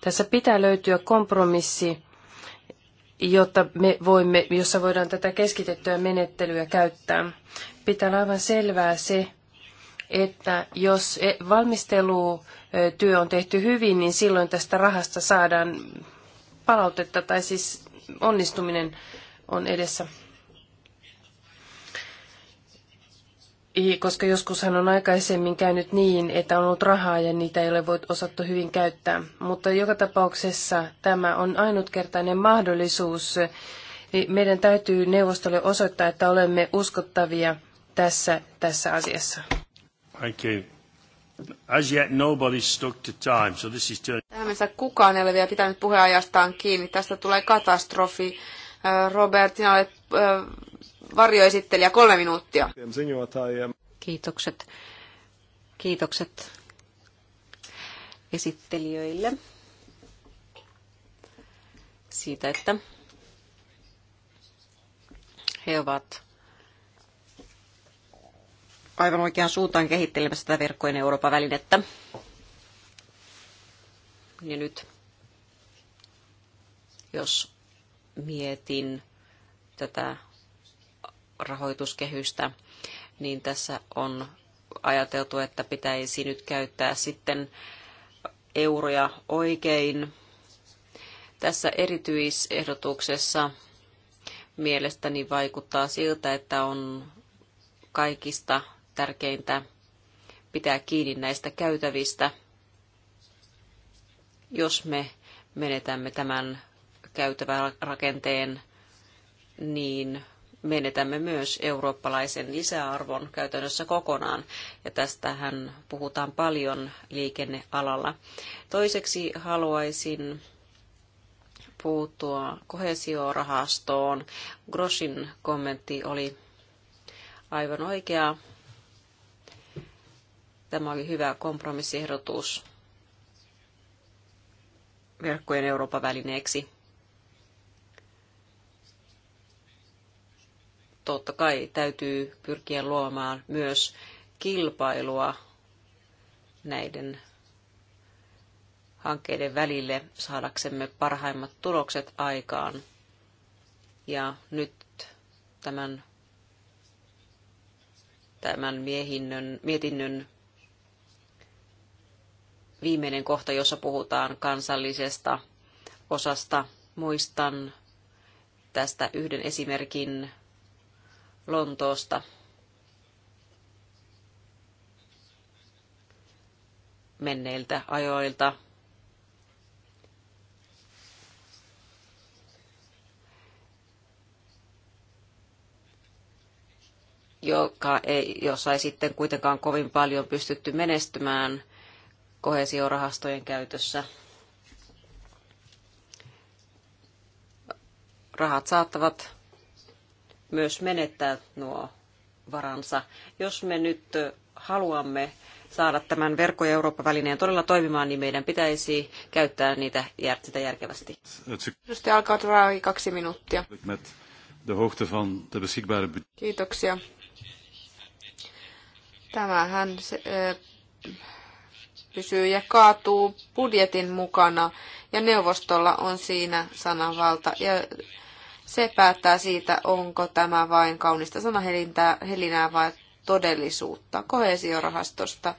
Tässä pitää löytyä kompromissi jotta me voimme, jossa voidaan tätä keskitettyä menettelyä käyttää. Pitää olla aivan selvää se, että jos e, valmistelutyö on tehty hyvin, niin silloin tästä rahasta saadaan palautetta tai siis onnistuminen on edessä. koska joskus hän on aikaisemmin käynyt niin, että on ollut rahaa ja niitä ei ole voitu osattu hyvin käyttää. Mutta joka tapauksessa tämä on ainutkertainen mahdollisuus. Niin meidän täytyy neuvostolle osoittaa, että olemme uskottavia tässä, tässä asiassa. As yet nobody stuck to time, so this is Tähän mennessä kukaan ei ole vielä pitänyt puheenajastaan kiinni. Tästä tulee katastrofi. Äh, Robert, sinä olet äh, varjoesittelijä, kolme minuuttia. Kiitokset. Kiitokset esittelijöille siitä, että he ovat aivan oikean suuntaan kehittelemässä tätä verkkojen Euroopan välinettä. Ja nyt, jos mietin tätä rahoituskehystä, niin tässä on ajateltu, että pitäisi nyt käyttää sitten euroja oikein. Tässä erityisehdotuksessa mielestäni vaikuttaa siltä, että on kaikista tärkeintä pitää kiinni näistä käytävistä. Jos me menetämme tämän käytävän rakenteen, niin menetämme myös eurooppalaisen lisäarvon käytännössä kokonaan, ja tästähän puhutaan paljon liikennealalla. Toiseksi haluaisin puuttua kohesiorahastoon. Grosin kommentti oli aivan oikea. Tämä oli hyvä kompromissiehdotus verkkojen Euroopan välineeksi. totta kai täytyy pyrkiä luomaan myös kilpailua näiden hankkeiden välille saadaksemme parhaimmat tulokset aikaan. Ja nyt tämän, tämän miehinnön, mietinnön viimeinen kohta, jossa puhutaan kansallisesta osasta. Muistan tästä yhden esimerkin Lontoosta. menneiltä ajoilta. joka ei, jossa ei sitten kuitenkaan kovin paljon pystytty menestymään kohesiorahastojen käytössä. Rahat saattavat myös menettää nuo varansa. Jos me nyt haluamme saada tämän verkko- ja Eurooppa-välineen todella toimimaan, niin meidän pitäisi käyttää niitä, sitä järkevästi. Edustaja alkaa tulla kaksi minuuttia. Kiitoksia. Tämähän se, pysyy ja kaatuu budjetin mukana ja neuvostolla on siinä sananvalta ja se päättää siitä, onko tämä vain kaunista sanahelinää vai todellisuutta kohesiorahastosta.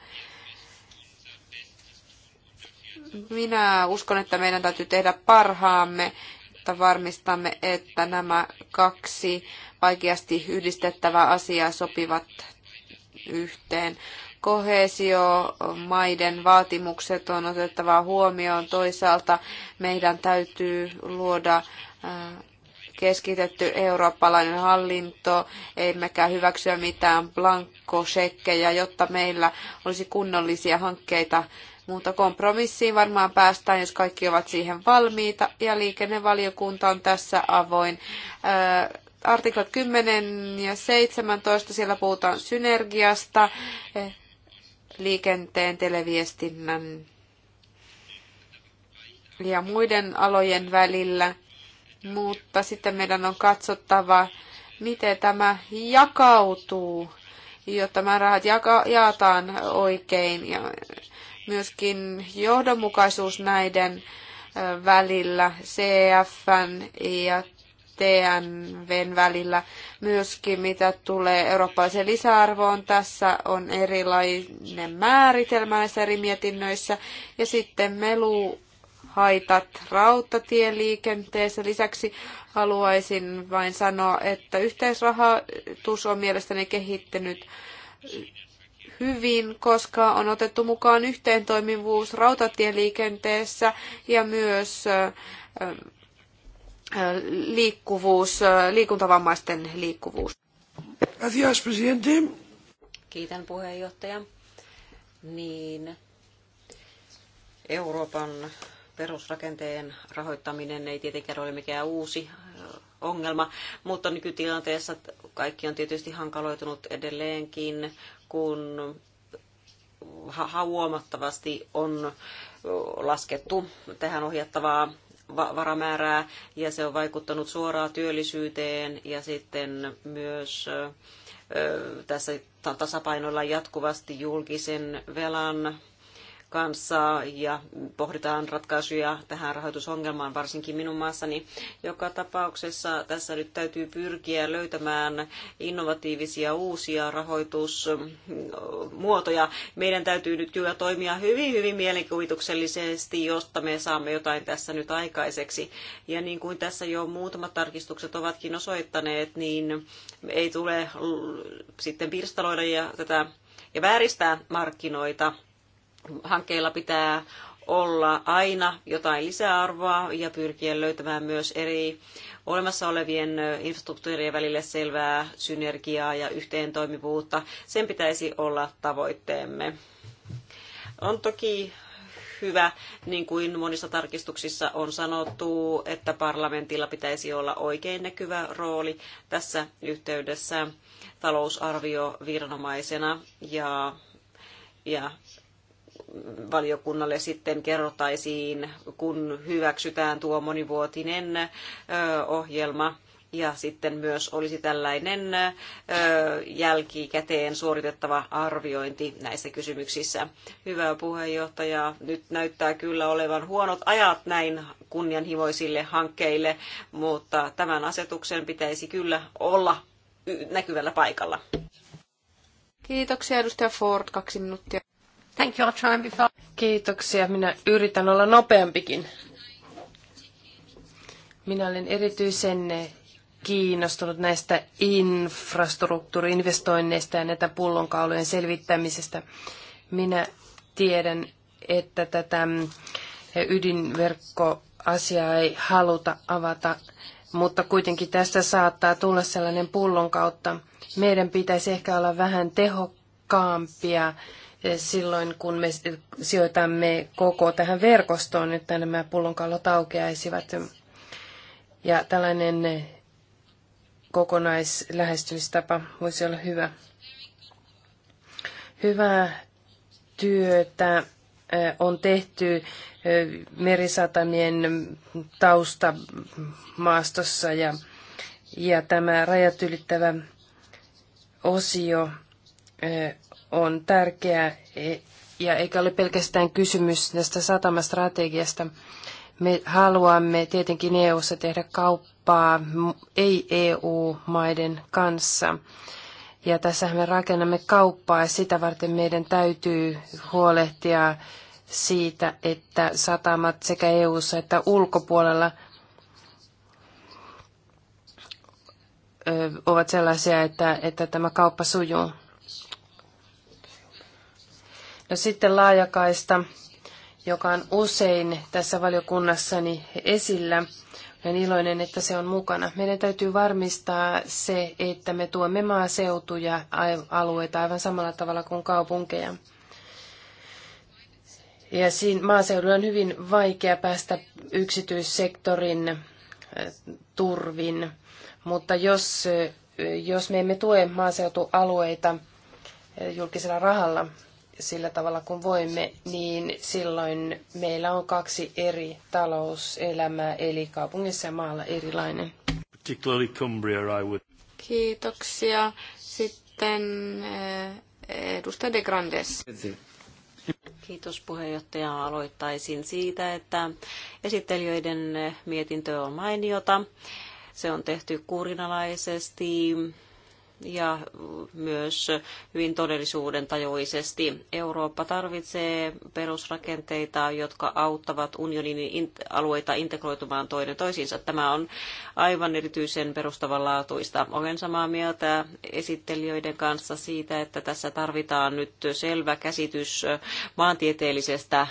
Minä uskon, että meidän täytyy tehdä parhaamme, että varmistamme, että nämä kaksi vaikeasti yhdistettävää asiaa sopivat yhteen. Kohesio, maiden vaatimukset on otettava huomioon. Toisaalta meidän täytyy luoda äh, keskitetty eurooppalainen hallinto, emmekä hyväksyä mitään blankkosekkejä, jotta meillä olisi kunnollisia hankkeita. Mutta kompromissiin varmaan päästään, jos kaikki ovat siihen valmiita, ja liikennevaliokunta on tässä avoin. Äh, artiklat 10 ja 17, siellä puhutaan synergiasta, eh, liikenteen, televiestinnän ja muiden alojen välillä mutta sitten meidän on katsottava, miten tämä jakautuu, jotta nämä rahat jaka- jaetaan oikein ja myöskin johdonmukaisuus näiden välillä, CF ja TNVn välillä myöskin, mitä tulee eurooppalaiseen lisäarvoon. Tässä on erilainen määritelmä näissä eri mietinnöissä. Ja sitten melu haitat rautatieliikenteessä. Lisäksi haluaisin vain sanoa, että yhteisrahoitus on mielestäni kehittynyt hyvin, koska on otettu mukaan yhteentoimivuus rautatieliikenteessä ja myös liikkuvuus, liikuntavammaisten liikkuvuus. Gracias, presidente. Kiitän puheenjohtaja. Niin, Euroopan perusrakenteen rahoittaminen ei tietenkään ole mikään uusi ongelma, mutta nykytilanteessa kaikki on tietysti hankaloitunut edelleenkin, kun huomattavasti on laskettu tähän ohjattavaa varamäärää ja se on vaikuttanut suoraan työllisyyteen ja sitten myös tässä tasapainoilla jatkuvasti julkisen velan kanssa ja pohditaan ratkaisuja tähän rahoitusongelmaan, varsinkin minun maassani. Joka tapauksessa tässä nyt täytyy pyrkiä löytämään innovatiivisia uusia rahoitusmuotoja. Meidän täytyy nyt kyllä toimia hyvin, hyvin mielikuvituksellisesti, jotta me saamme jotain tässä nyt aikaiseksi. Ja niin kuin tässä jo muutamat tarkistukset ovatkin osoittaneet, niin ei tule sitten pirstaloida ja tätä ja vääristää markkinoita hankkeilla pitää olla aina jotain lisäarvoa ja pyrkiä löytämään myös eri olemassa olevien infrastruktuurien välille selvää synergiaa ja yhteentoimivuutta. Sen pitäisi olla tavoitteemme. On toki hyvä, niin kuin monissa tarkistuksissa on sanottu, että parlamentilla pitäisi olla oikein näkyvä rooli tässä yhteydessä talousarvioviranomaisena ja, ja valiokunnalle sitten kerrotaisiin, kun hyväksytään tuo monivuotinen ohjelma. Ja sitten myös olisi tällainen jälkikäteen suoritettava arviointi näissä kysymyksissä. Hyvä puheenjohtaja, nyt näyttää kyllä olevan huonot ajat näin kunnianhimoisille hankkeille, mutta tämän asetuksen pitäisi kyllä olla näkyvällä paikalla. Kiitoksia edustaja Ford, kaksi minuuttia. Thank you, I'll try and be fast. Kiitoksia, minä yritän olla nopeampikin. Minä olen erityisen kiinnostunut näistä infrastruktuuriinvestoinneista ja näitä pullonkaulujen selvittämisestä. Minä tiedän, että tätä ydinverkkoasiaa ei haluta avata, mutta kuitenkin tästä saattaa tulla sellainen pullon kautta. Meidän pitäisi ehkä olla vähän tehokkaampia silloin, kun me sijoitamme koko tähän verkostoon, että nämä pullonkallot aukeaisivat. Ja tällainen kokonaislähestymistapa voisi olla hyvä. Hyvää työtä on tehty merisatamien taustamaastossa ja, ja tämä rajat ylittävä osio on tärkeä e, ja eikä ole pelkästään kysymys tästä satamastrategiasta. Me haluamme tietenkin EU-ssa tehdä kauppaa ei-EU-maiden kanssa. Ja tässä me rakennamme kauppaa ja sitä varten meidän täytyy huolehtia siitä, että satamat sekä EU-ssa että ulkopuolella ovat sellaisia, että, että tämä kauppa sujuu. No sitten laajakaista, joka on usein tässä valiokunnassani esillä. Olen iloinen, että se on mukana. Meidän täytyy varmistaa se, että me tuomme maaseutuja alueita aivan samalla tavalla kuin kaupunkeja. Ja siinä maaseudulla on hyvin vaikea päästä yksityissektorin äh, turvin, mutta jos, äh, jos me emme tue maaseutualueita äh, julkisella rahalla, sillä tavalla kuin voimme, niin silloin meillä on kaksi eri talouselämää, eli kaupungissa ja maalla erilainen. Particularly Cumbria, I would... Kiitoksia. Sitten eh, edustaja De Grandes. Kiitos puheenjohtaja. Aloittaisin siitä, että esittelijöiden mietintö on mainiota. Se on tehty kurinalaisesti ja myös hyvin todellisuuden tajuisesti. Eurooppa tarvitsee perusrakenteita, jotka auttavat unionin alueita integroitumaan toinen toisiinsa. Tämä on aivan erityisen perustavanlaatuista. Olen samaa mieltä esittelijöiden kanssa siitä, että tässä tarvitaan nyt selvä käsitys maantieteellisestä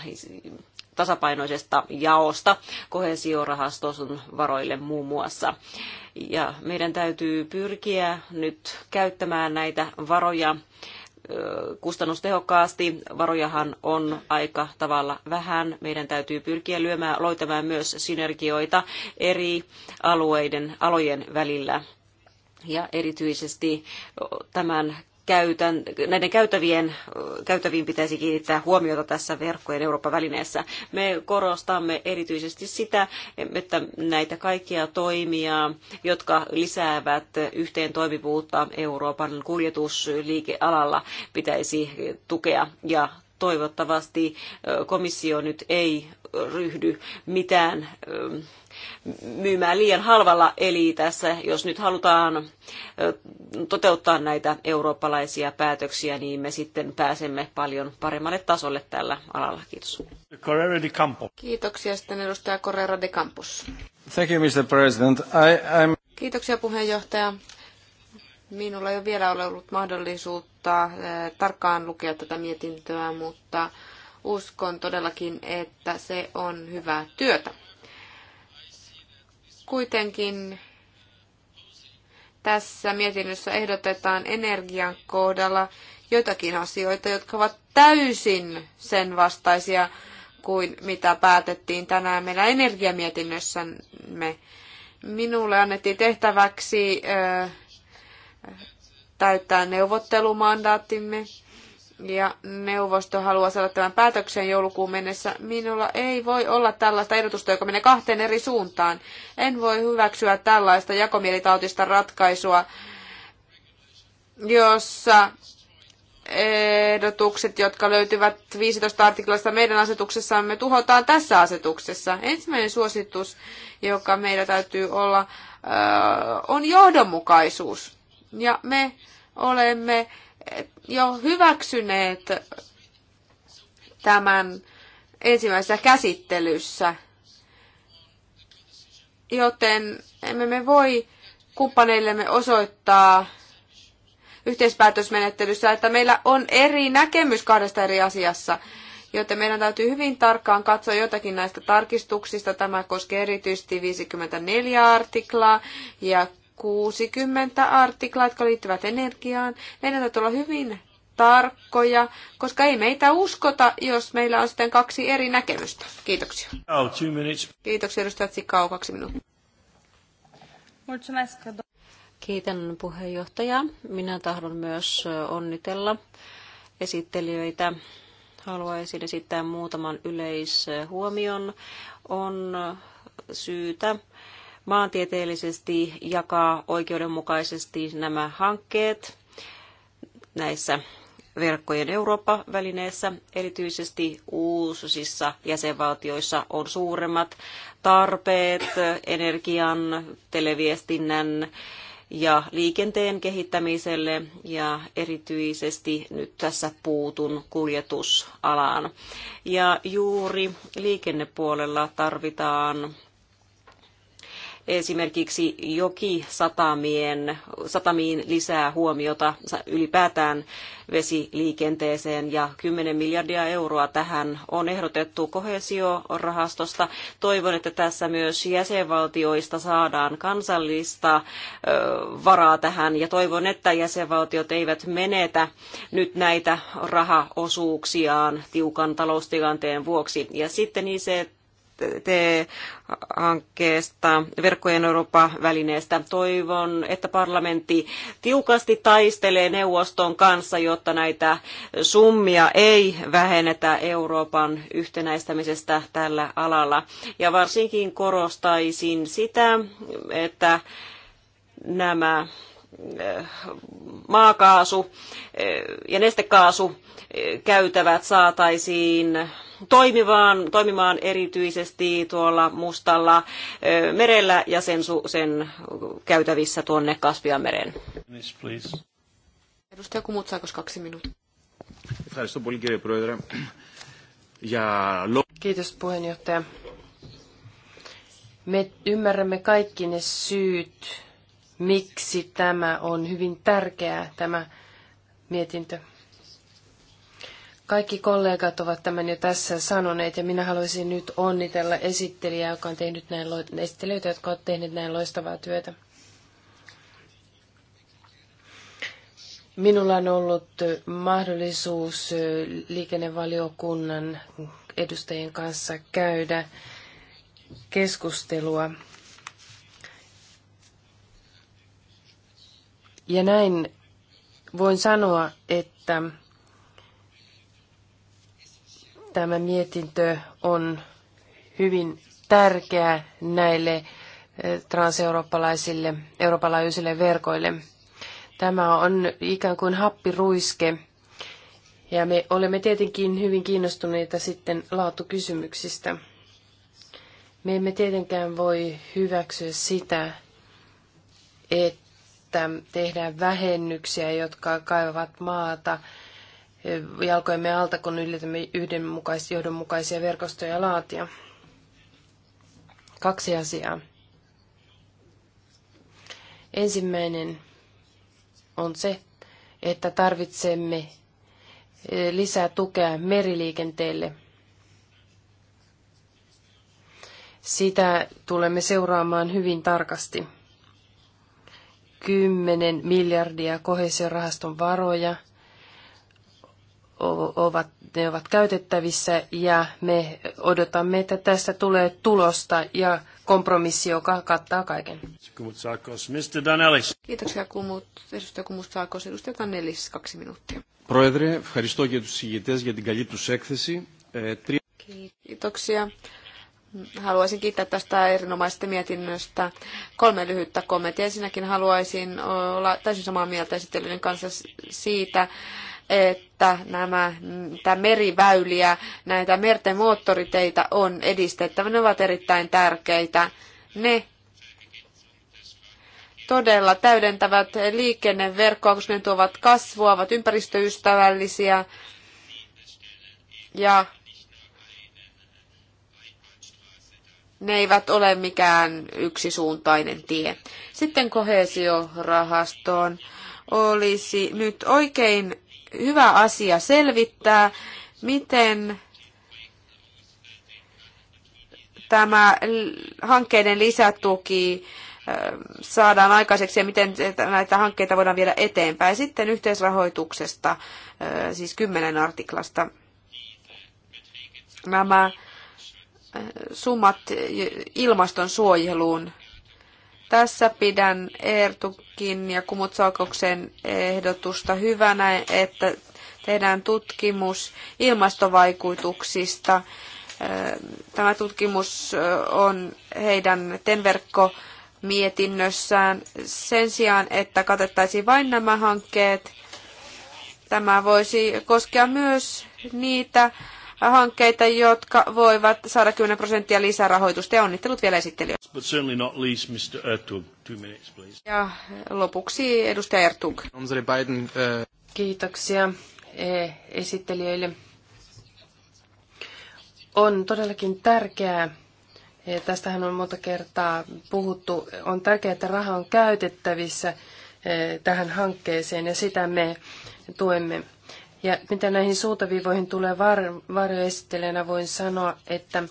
tasapainoisesta jaosta kohesiorahaston varoille muun muassa. Ja meidän täytyy pyrkiä nyt käyttämään näitä varoja kustannustehokkaasti. Varojahan on aika tavalla vähän. Meidän täytyy pyrkiä lyömään, loitamaan myös synergioita eri alueiden, alojen välillä ja erityisesti tämän käytän, näiden käytävien, käytäviin pitäisi kiinnittää huomiota tässä verkkojen Eurooppa-välineessä. Me korostamme erityisesti sitä, että näitä kaikkia toimia, jotka lisäävät yhteen toimivuutta Euroopan kuljetusliikealalla, pitäisi tukea ja toivottavasti komissio nyt ei ryhdy mitään myymään liian halvalla. Eli tässä, jos nyt halutaan toteuttaa näitä eurooppalaisia päätöksiä, niin me sitten pääsemme paljon paremmalle tasolle tällä alalla. Kiitos. Kiitoksia sitten edustaja Correra de Campos. Thank you, Mr. President. I, I'm... Kiitoksia puheenjohtaja. Minulla ei ole vielä ollut mahdollisuutta tarkkaan lukea tätä mietintöä, mutta uskon todellakin, että se on hyvää työtä. Kuitenkin tässä mietinnössä ehdotetaan energian kohdalla joitakin asioita, jotka ovat täysin sen vastaisia kuin mitä päätettiin tänään meidän energiamietinnössämme. Minulle annettiin tehtäväksi täyttää neuvottelumandaattimme ja neuvosto haluaa saada tämän päätöksen joulukuun mennessä, minulla ei voi olla tällaista ehdotusta, joka menee kahteen eri suuntaan. En voi hyväksyä tällaista jakomielitautista ratkaisua, jossa ehdotukset, jotka löytyvät 15 artiklasta meidän asetuksessamme, tuhotaan tässä asetuksessa. Ensimmäinen suositus, joka meillä täytyy olla, on johdonmukaisuus. Ja me olemme jo hyväksyneet tämän ensimmäisessä käsittelyssä, joten emme me voi kumppaneillemme osoittaa yhteispäätösmenettelyssä, että meillä on eri näkemys kahdesta eri asiassa joten meidän täytyy hyvin tarkkaan katsoa jotakin näistä tarkistuksista. Tämä koskee erityisesti 54 artiklaa ja 60 artiklaa, jotka liittyvät energiaan. Meidän täytyy olla hyvin tarkkoja, koska ei meitä uskota, jos meillä on sitten kaksi eri näkemystä. Kiitoksia. two minutes. Kiitoksia edustajat Sikkao, kaksi minuuttia. Kiitän puheenjohtajaa. Minä tahdon myös onnitella esittelijöitä. Haluaisin esittää muutaman yleishuomion. On syytä maantieteellisesti jakaa oikeudenmukaisesti nämä hankkeet näissä verkkojen eurooppa välineissä erityisesti uusissa jäsenvaltioissa on suuremmat tarpeet energian, televiestinnän ja liikenteen kehittämiselle ja erityisesti nyt tässä puutun kuljetusalaan. Ja juuri liikennepuolella tarvitaan esimerkiksi jokisatamien satamiin lisää huomiota ylipäätään vesiliikenteeseen ja 10 miljardia euroa tähän on ehdotettu kohesiorahastosta. Toivon, että tässä myös jäsenvaltioista saadaan kansallista varaa tähän ja toivon, että jäsenvaltiot eivät menetä nyt näitä rahaosuuksiaan tiukan taloustilanteen vuoksi. Ja sitten ICT TEN-T-hankkeesta, verkkojen Eurooppa-välineestä. Toivon, että parlamentti tiukasti taistelee neuvoston kanssa, jotta näitä summia ei vähennetä Euroopan yhtenäistämisestä tällä alalla. Ja varsinkin korostaisin sitä, että nämä eh, maakaasu eh, ja nestekaasu eh, käytävät saataisiin toimimaan, toimimaan erityisesti tuolla mustalla merellä ja sen, sen käytävissä tuonne Kaspian mereen. Edustaja saako kaksi minuuttia. Kiitos puheenjohtaja. Me ymmärrämme kaikki ne syyt, miksi tämä on hyvin tärkeää, tämä mietintö. Kaikki kollegat ovat tämän jo tässä sanoneet ja minä haluaisin nyt onnitella esittelijää, joka on tehnyt näin, esittelijöitä, jotka ovat tehneet näin loistavaa työtä. Minulla on ollut mahdollisuus liikennevaliokunnan edustajien kanssa käydä keskustelua. Ja näin voin sanoa, että Tämä mietintö on hyvin tärkeä näille eh, transeurooppalaisille, eurooppalaisille verkoille. Tämä on ikään kuin happiruiske. Ja me olemme tietenkin hyvin kiinnostuneita sitten laatukysymyksistä. Me emme tietenkään voi hyväksyä sitä, että tehdään vähennyksiä, jotka kaivavat maata jalkojemme alta, kun yritämme yhdenmukaisia, johdonmukaisia verkostoja laatia. Kaksi asiaa. Ensimmäinen on se, että tarvitsemme e, lisää tukea meriliikenteelle. Sitä tulemme seuraamaan hyvin tarkasti. 10 miljardia kohesiorahaston varoja – ovat, ne ovat käytettävissä ja me odotamme, että tästä tulee tulosta ja kompromissi, joka kattaa kaiken. Kiitoksia kumut, edustaja Saakos. edustaja Kannelis, kaksi minuuttia. Proedre, για την καλή τους έκθεση. Kiitoksia. Haluaisin kiittää tästä erinomaisesta mietinnöstä. Kolme lyhyttä kommenttia. Ensinnäkin haluaisin olla täysin samaa mieltä esittelyiden kanssa siitä, että nämä, tämä meriväyliä, näitä merten moottoriteitä on edistettävä. Ne ovat erittäin tärkeitä. Ne todella täydentävät liikenneverkkoa, koska ne tuovat kasvua, ovat ympäristöystävällisiä ja ne eivät ole mikään yksisuuntainen tie. Sitten kohesiorahastoon olisi nyt oikein hyvä asia selvittää, miten tämä hankkeiden lisätuki saadaan aikaiseksi ja miten näitä hankkeita voidaan viedä eteenpäin. Sitten yhteisrahoituksesta, siis kymmenen artiklasta. Nämä summat ilmastonsuojeluun tässä pidän Eertukin ja Kumutsaukoksen ehdotusta hyvänä, että tehdään tutkimus ilmastovaikutuksista. Tämä tutkimus on heidän tenverkko mietinnössään. Sen sijaan, että katettaisiin vain nämä hankkeet, tämä voisi koskea myös niitä hankkeita, jotka voivat saada 10 prosenttia lisää rahoitusta Ja onnittelut vielä esittelijöille. Ja lopuksi edustaja Ertug. Kiitoksia e, esittelijöille. On todellakin tärkeää, e, tästähän on monta kertaa puhuttu, on tärkeää, että raha on käytettävissä e, tähän hankkeeseen ja sitä me tuemme. Ja mitä näihin suuntaviivoihin tulee var- varjoesittelijänä, voin sanoa, että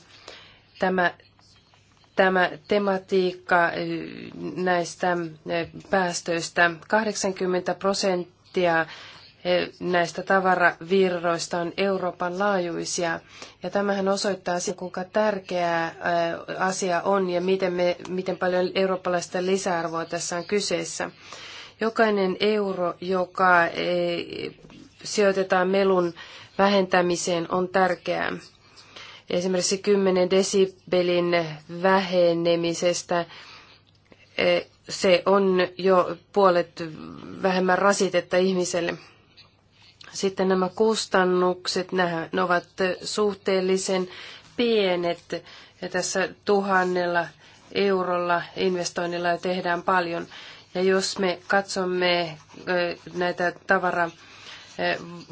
tämä, tämä tematiikka näistä e, päästöistä, 80 prosenttia e, näistä tavaravirroista on Euroopan laajuisia. Ja tämähän osoittaa sen, kuinka tärkeä e, asia on ja miten, me, miten paljon eurooppalaista lisäarvoa tässä on kyseessä. Jokainen euro, joka sijoitetaan melun vähentämiseen, on tärkeää. Esimerkiksi 10 desibelin vähenemisestä e, se on jo puolet vähemmän rasitetta ihmiselle. Sitten nämä kustannukset, ne ovat suhteellisen pienet. Ja tässä tuhannella eurolla investoinnilla tehdään paljon. Ja jos me katsomme e, näitä tavaraa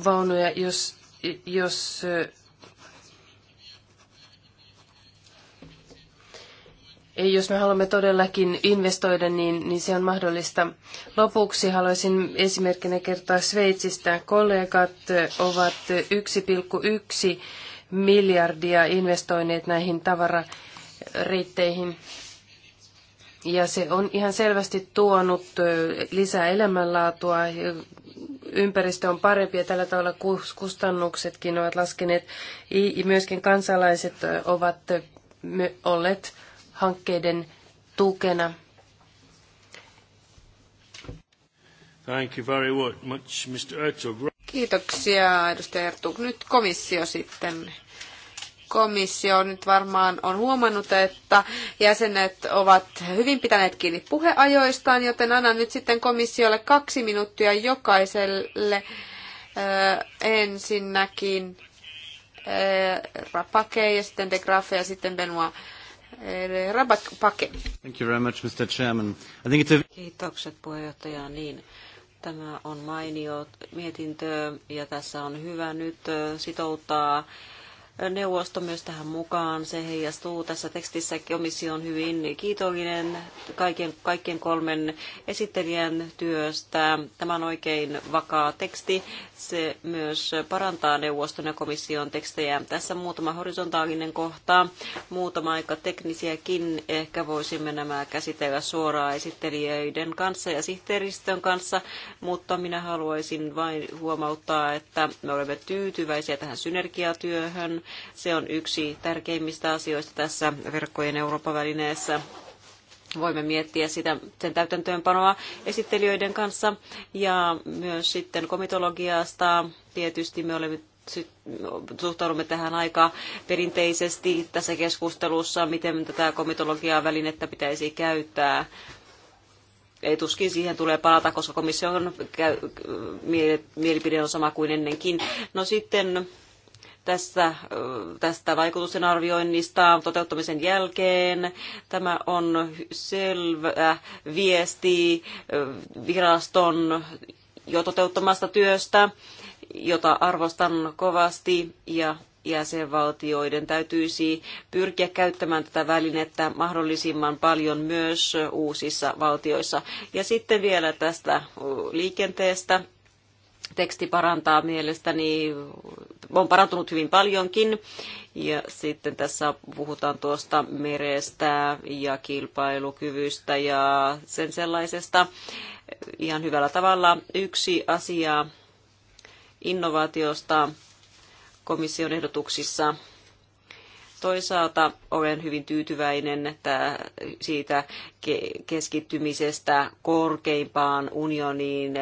vaunuja, jos, jos jos me haluamme todellakin investoida, niin, niin se on mahdollista. Lopuksi haluaisin esimerkkinä kertoa Sveitsistä. Kollegat ovat 1,1 miljardia investoineet näihin tavarareitteihin. Ja se on ihan selvästi tuonut lisää elämänlaatua ympäristö on parempi ja tällä tavalla kustannuksetkin ovat laskeneet. Myöskin kansalaiset ovat olleet hankkeiden tukena. Thank you very much, Mr. Ertug. Kiitoksia, edustaja Ertug. Nyt komissio sitten komissio nyt varmaan on huomannut, että jäsenet ovat hyvin pitäneet kiinni puheajoistaan, joten annan nyt sitten komissiolle kaksi minuuttia jokaiselle. ö, ensinnäkin öö, Rapake ja sitten De Graffe ja sitten Benoit. Rapake. Thank you very much, Mr. Chairman. I think it's a... Kiitokset puheenjohtaja. Niin, Tämä on mainio mietintö ja tässä on hyvä nyt sitouttaa neuvosto myös tähän mukaan. Se heijastuu tässä tekstissä. Komissio on hyvin kiitollinen kaiken, kaikkien kolmen esittelijän työstä. Tämä on oikein vakaa teksti. Se myös parantaa neuvoston ja komission tekstejä. Tässä muutama horisontaalinen kohta, muutama aika teknisiäkin. Ehkä voisimme nämä käsitellä suoraan esittelijöiden kanssa ja sihteeristön kanssa, mutta minä haluaisin vain huomauttaa, että me olemme tyytyväisiä tähän synergiatyöhön se on yksi tärkeimmistä asioista tässä verkkojen Euroopan välineessä voimme miettiä sitä, sen täytäntöönpanoa esittelijöiden kanssa ja myös sitten komitologiasta. Tietysti me olemme suhtaudumme tähän aika perinteisesti tässä keskustelussa, miten tätä komitologiaa välinettä pitäisi käyttää. Ei tuskin siihen tulee palata, koska komission mielipide on sama kuin ennenkin. No sitten tässä, tästä vaikutusten arvioinnista toteuttamisen jälkeen. Tämä on selvä viesti viraston jo toteuttamasta työstä, jota arvostan kovasti ja jäsenvaltioiden täytyisi pyrkiä käyttämään tätä välinettä mahdollisimman paljon myös uusissa valtioissa. Ja sitten vielä tästä liikenteestä teksti parantaa mielestäni, on parantunut hyvin paljonkin. Ja sitten tässä puhutaan tuosta merestä ja kilpailukyvystä ja sen sellaisesta ihan hyvällä tavalla. Yksi asia innovaatiosta komission ehdotuksissa Toisaalta olen hyvin tyytyväinen että siitä keskittymisestä korkeimpaan unioniin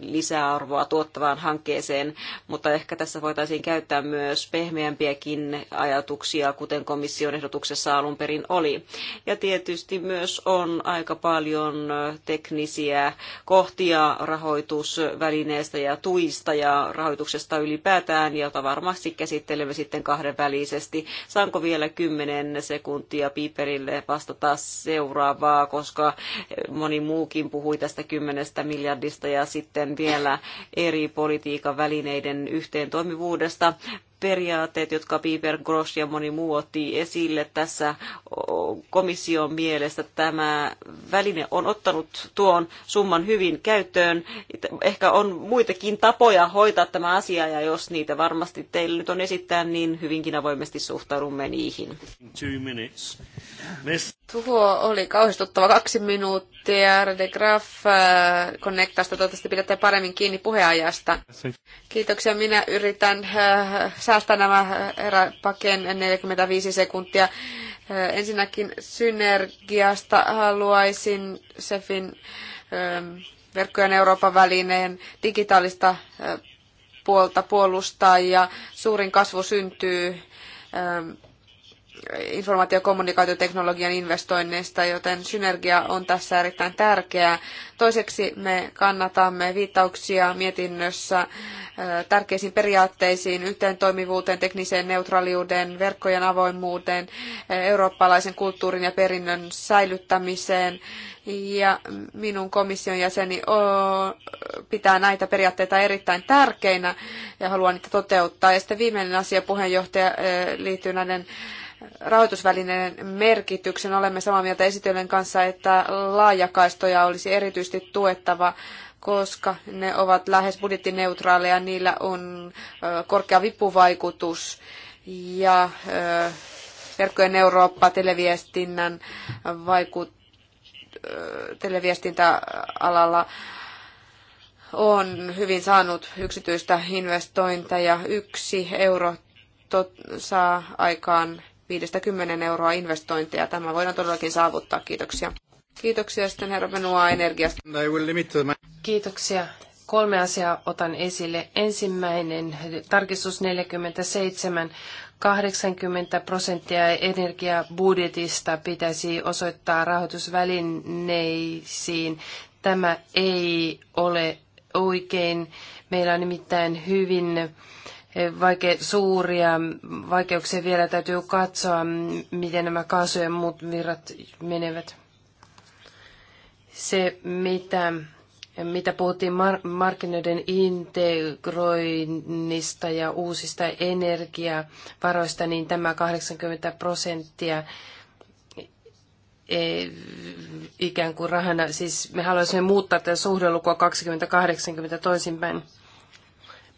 lisäarvoa tuottavaan hankkeeseen, mutta ehkä tässä voitaisiin käyttää myös pehmeämpiäkin ajatuksia, kuten komission ehdotuksessa alun perin oli. Ja tietysti myös on aika paljon teknisiä kohtia rahoitusvälineestä ja tuista ja rahoituksesta ylipäätään, jota varmasti käsittelemme sitten kahdenvälisesti. Saanko vielä 10 sekuntia Piperille vastata seuraavaa, koska moni muukin puhui tästä 10 miljardista ja sitten vielä eri politiikan välineiden yhteen toimivuudesta periaatteet, jotka Piper Gross ja moni muu otti esille tässä komission mielestä. Tämä väline on ottanut tuon summan hyvin käyttöön. Ehkä on muitakin tapoja hoitaa tämä asia, ja jos niitä varmasti teillä nyt on esittää, niin hyvinkin avoimesti suhtaudumme niihin. Tuo oli kauhistuttava kaksi minuuttia. De Graaf äh, Connectasta toivottavasti pidätte paremmin kiinni puheajasta. Kiitoksia. Minä yritän äh, säästää nämä eräpaken 45 sekuntia. Ensinnäkin synergiasta haluaisin SEFin verkkojen Euroopan välineen digitaalista puolta puolustaa ja suurin kasvu syntyy informaatio- ja kommunikaatioteknologian investoinneista, joten synergia on tässä erittäin tärkeää. Toiseksi me kannatamme viittauksia mietinnössä tärkeisiin periaatteisiin, yhteen toimivuuteen, tekniseen neutraaliuden, verkkojen avoimuuteen, eurooppalaisen kulttuurin ja perinnön säilyttämiseen. Ja minun komission jäseni pitää näitä periaatteita erittäin tärkeinä ja haluan niitä toteuttaa. Ja sitten viimeinen asia puheenjohtaja liittyy näiden rahoitusvälineen merkityksen. Olemme samaa mieltä esitöiden kanssa, että laajakaistoja olisi erityisesti tuettava, koska ne ovat lähes budjettineutraaleja, niillä on korkea vipuvaikutus ja verkkojen Eurooppa televiestinnän vaikut, televiestintäalalla on hyvin saanut yksityistä investointeja. Yksi euro tot, saa aikaan 5-10 euroa investointeja. Tämä voidaan todellakin saavuttaa. Kiitoksia. Kiitoksia sitten herra Benoit Energiasta. Kiitoksia. Kolme asiaa otan esille. Ensimmäinen, tarkistus 47. 80 prosenttia energiabudjetista pitäisi osoittaa rahoitusvälineisiin. Tämä ei ole oikein. Meillä on nimittäin hyvin vaike- suuria vaikeuksia vielä täytyy katsoa, miten nämä kaasujen muut virrat menevät. Se, mitä, mitä puhuttiin mar- markkinoiden integroinnista ja uusista energiavaroista, niin tämä 80 prosenttia e, ikään kuin rahana, siis me haluaisimme muuttaa tätä suhdelukua 20-80 toisinpäin.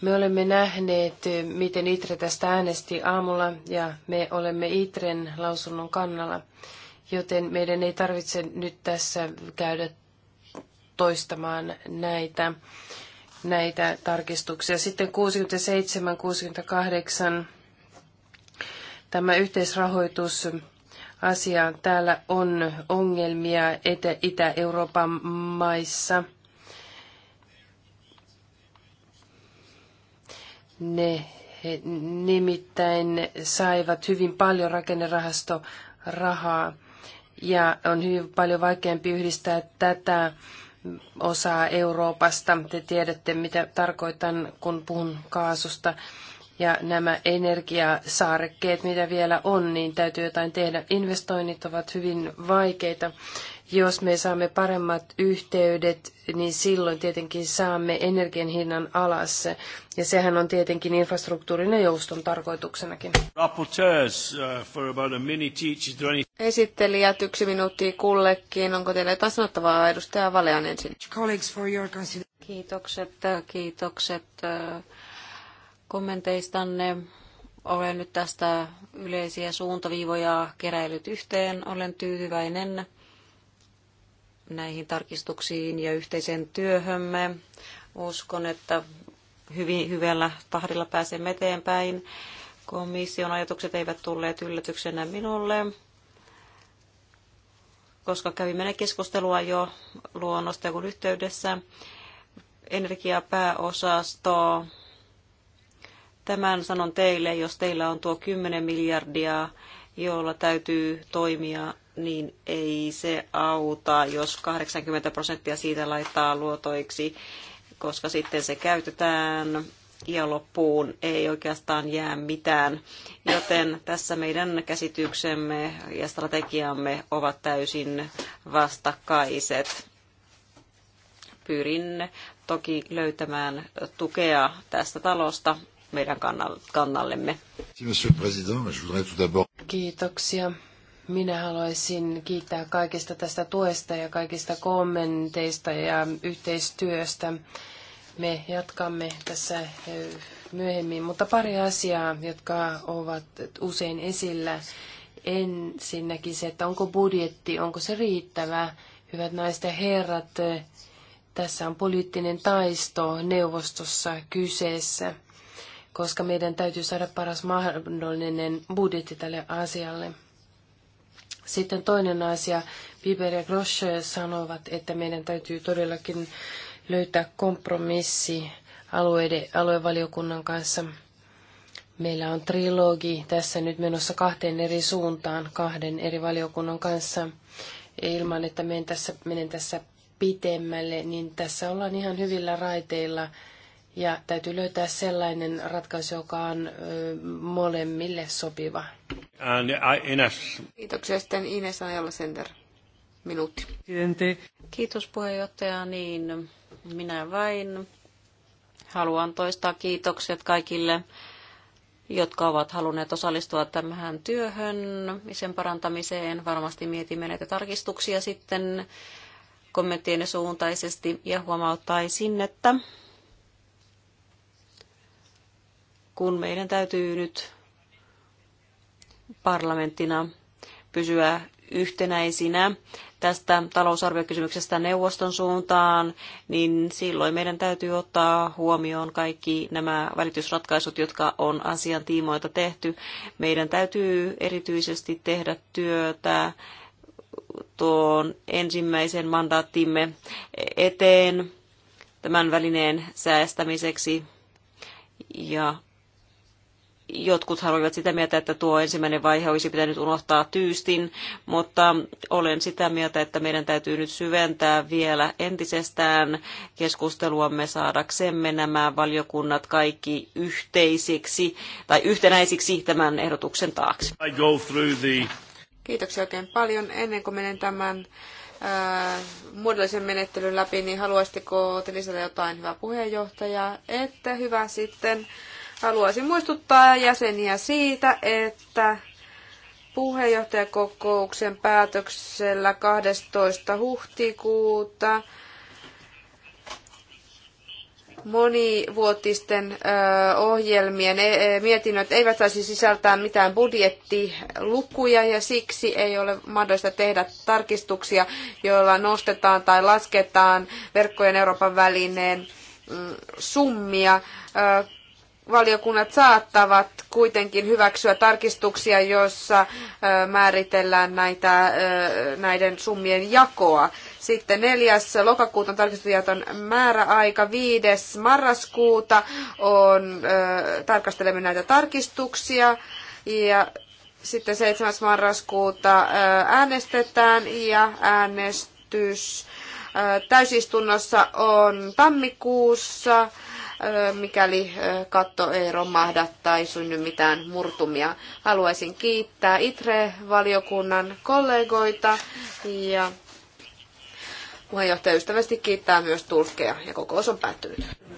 Me olemme nähneet, miten Itre tästä äänesti aamulla ja me olemme Itren lausunnon kannalla, joten meidän ei tarvitse nyt tässä käydä toistamaan näitä, näitä tarkistuksia. Sitten 67, 68, tämä yhteisrahoitus asia. Täällä on ongelmia Itä-Euroopan maissa – Ne he nimittäin saivat hyvin paljon rakennerahastorahaa ja on hyvin paljon vaikeampi yhdistää tätä osaa Euroopasta. Te tiedätte, mitä tarkoitan, kun puhun kaasusta. Ja nämä energiasaarekkeet, mitä vielä on, niin täytyy jotain tehdä. Investoinnit ovat hyvin vaikeita. Jos me saamme paremmat yhteydet, niin silloin tietenkin saamme energian hinnan alas. Ja sehän on tietenkin infrastruktuurin ja jouston tarkoituksenakin. Uh, Esittelijät yksi minuutti kullekin. Onko teillä jotain sanottavaa? Edustaja Valean ensin. Kiitokset, kiitokset uh, kommenteistanne. Olen nyt tästä yleisiä suuntaviivoja keräillyt yhteen. Olen tyytyväinen näihin tarkistuksiin ja yhteiseen työhömme. Uskon, että hyvin, hyvällä tahdilla pääsemme eteenpäin. Komission ajatukset eivät tulleet yllätyksenä minulle, koska kävimme ne keskustelua jo luonnosta kun yhteydessä. Energiapääosasto Tämän sanon teille, jos teillä on tuo 10 miljardia, jolla täytyy toimia, niin ei se auta, jos 80 prosenttia siitä laittaa luotoiksi, koska sitten se käytetään ja loppuun ei oikeastaan jää mitään. Joten tässä meidän käsityksemme ja strategiamme ovat täysin vastakkaiset. Pyrin toki löytämään tukea tästä talosta meidän kannallemme. Kiitoksia. Minä haluaisin kiittää kaikesta tästä tuesta ja kaikista kommenteista ja yhteistyöstä. Me jatkamme tässä myöhemmin, mutta pari asiaa, jotka ovat usein esillä. Ensinnäkin se, että onko budjetti, onko se riittävä. Hyvät naiset ja herrat, tässä on poliittinen taisto neuvostossa kyseessä koska meidän täytyy saada paras mahdollinen budjetti tälle asialle. Sitten toinen asia, Piper ja Grosche sanovat, että meidän täytyy todellakin löytää kompromissi alueiden, aluevaliokunnan kanssa. Meillä on trilogi tässä nyt menossa kahteen eri suuntaan kahden eri valiokunnan kanssa. Ilman, että menen tässä, menen tässä pitemmälle, niin tässä ollaan ihan hyvillä raiteilla ja täytyy löytää sellainen ratkaisu, joka on molemmille sopiva. And Ines. Kiitoksia sitten Ines Ajalla Center. Minuutti. Kiitos puheenjohtaja. Niin, minä vain haluan toistaa kiitokset kaikille jotka ovat halunneet osallistua tämähän työhön ja sen parantamiseen. Varmasti mietimme näitä tarkistuksia sitten kommenttien suuntaisesti ja huomauttaisin, että kun meidän täytyy nyt parlamenttina pysyä yhtenäisinä tästä talousarviokysymyksestä neuvoston suuntaan, niin silloin meidän täytyy ottaa huomioon kaikki nämä välitysratkaisut, jotka on asian tiimoilta tehty. Meidän täytyy erityisesti tehdä työtä tuon ensimmäisen mandaattimme eteen tämän välineen säästämiseksi ja jotkut haluavat sitä mieltä, että tuo ensimmäinen vaihe olisi pitänyt unohtaa tyystin, mutta olen sitä mieltä, että meidän täytyy nyt syventää vielä entisestään keskusteluamme saadaksemme nämä valiokunnat kaikki yhteisiksi tai yhtenäisiksi tämän ehdotuksen taakse. The... Kiitoksia oikein paljon. Ennen kuin menen tämän ää, äh, muodollisen menettelyn läpi, niin haluaisitteko te lisätä jotain hyvää puheenjohtaja? Että hyvä sitten. Haluaisin muistuttaa jäseniä siitä, että puheenjohtajakokouksen päätöksellä 12. huhtikuuta monivuotisten ohjelmien e, e, mietinnöt eivät saisi sisältää mitään budjettilukuja ja siksi ei ole mahdollista tehdä tarkistuksia, joilla nostetaan tai lasketaan verkkojen Euroopan välineen mm, summia valiokunnat saattavat kuitenkin hyväksyä tarkistuksia, joissa määritellään näitä, näiden summien jakoa. Sitten 4. lokakuuta on tarkistujätön määräaika, viides marraskuuta on, tarkastelemme näitä tarkistuksia ja sitten 7. marraskuuta äänestetään ja äänestys täysistunnossa on tammikuussa mikäli katto ei romahda tai synny mitään murtumia. Haluaisin kiittää ITRE-valiokunnan kollegoita ja puheenjohtaja ystävästi kiittää myös tulkkeja ja kokous on päättynyt.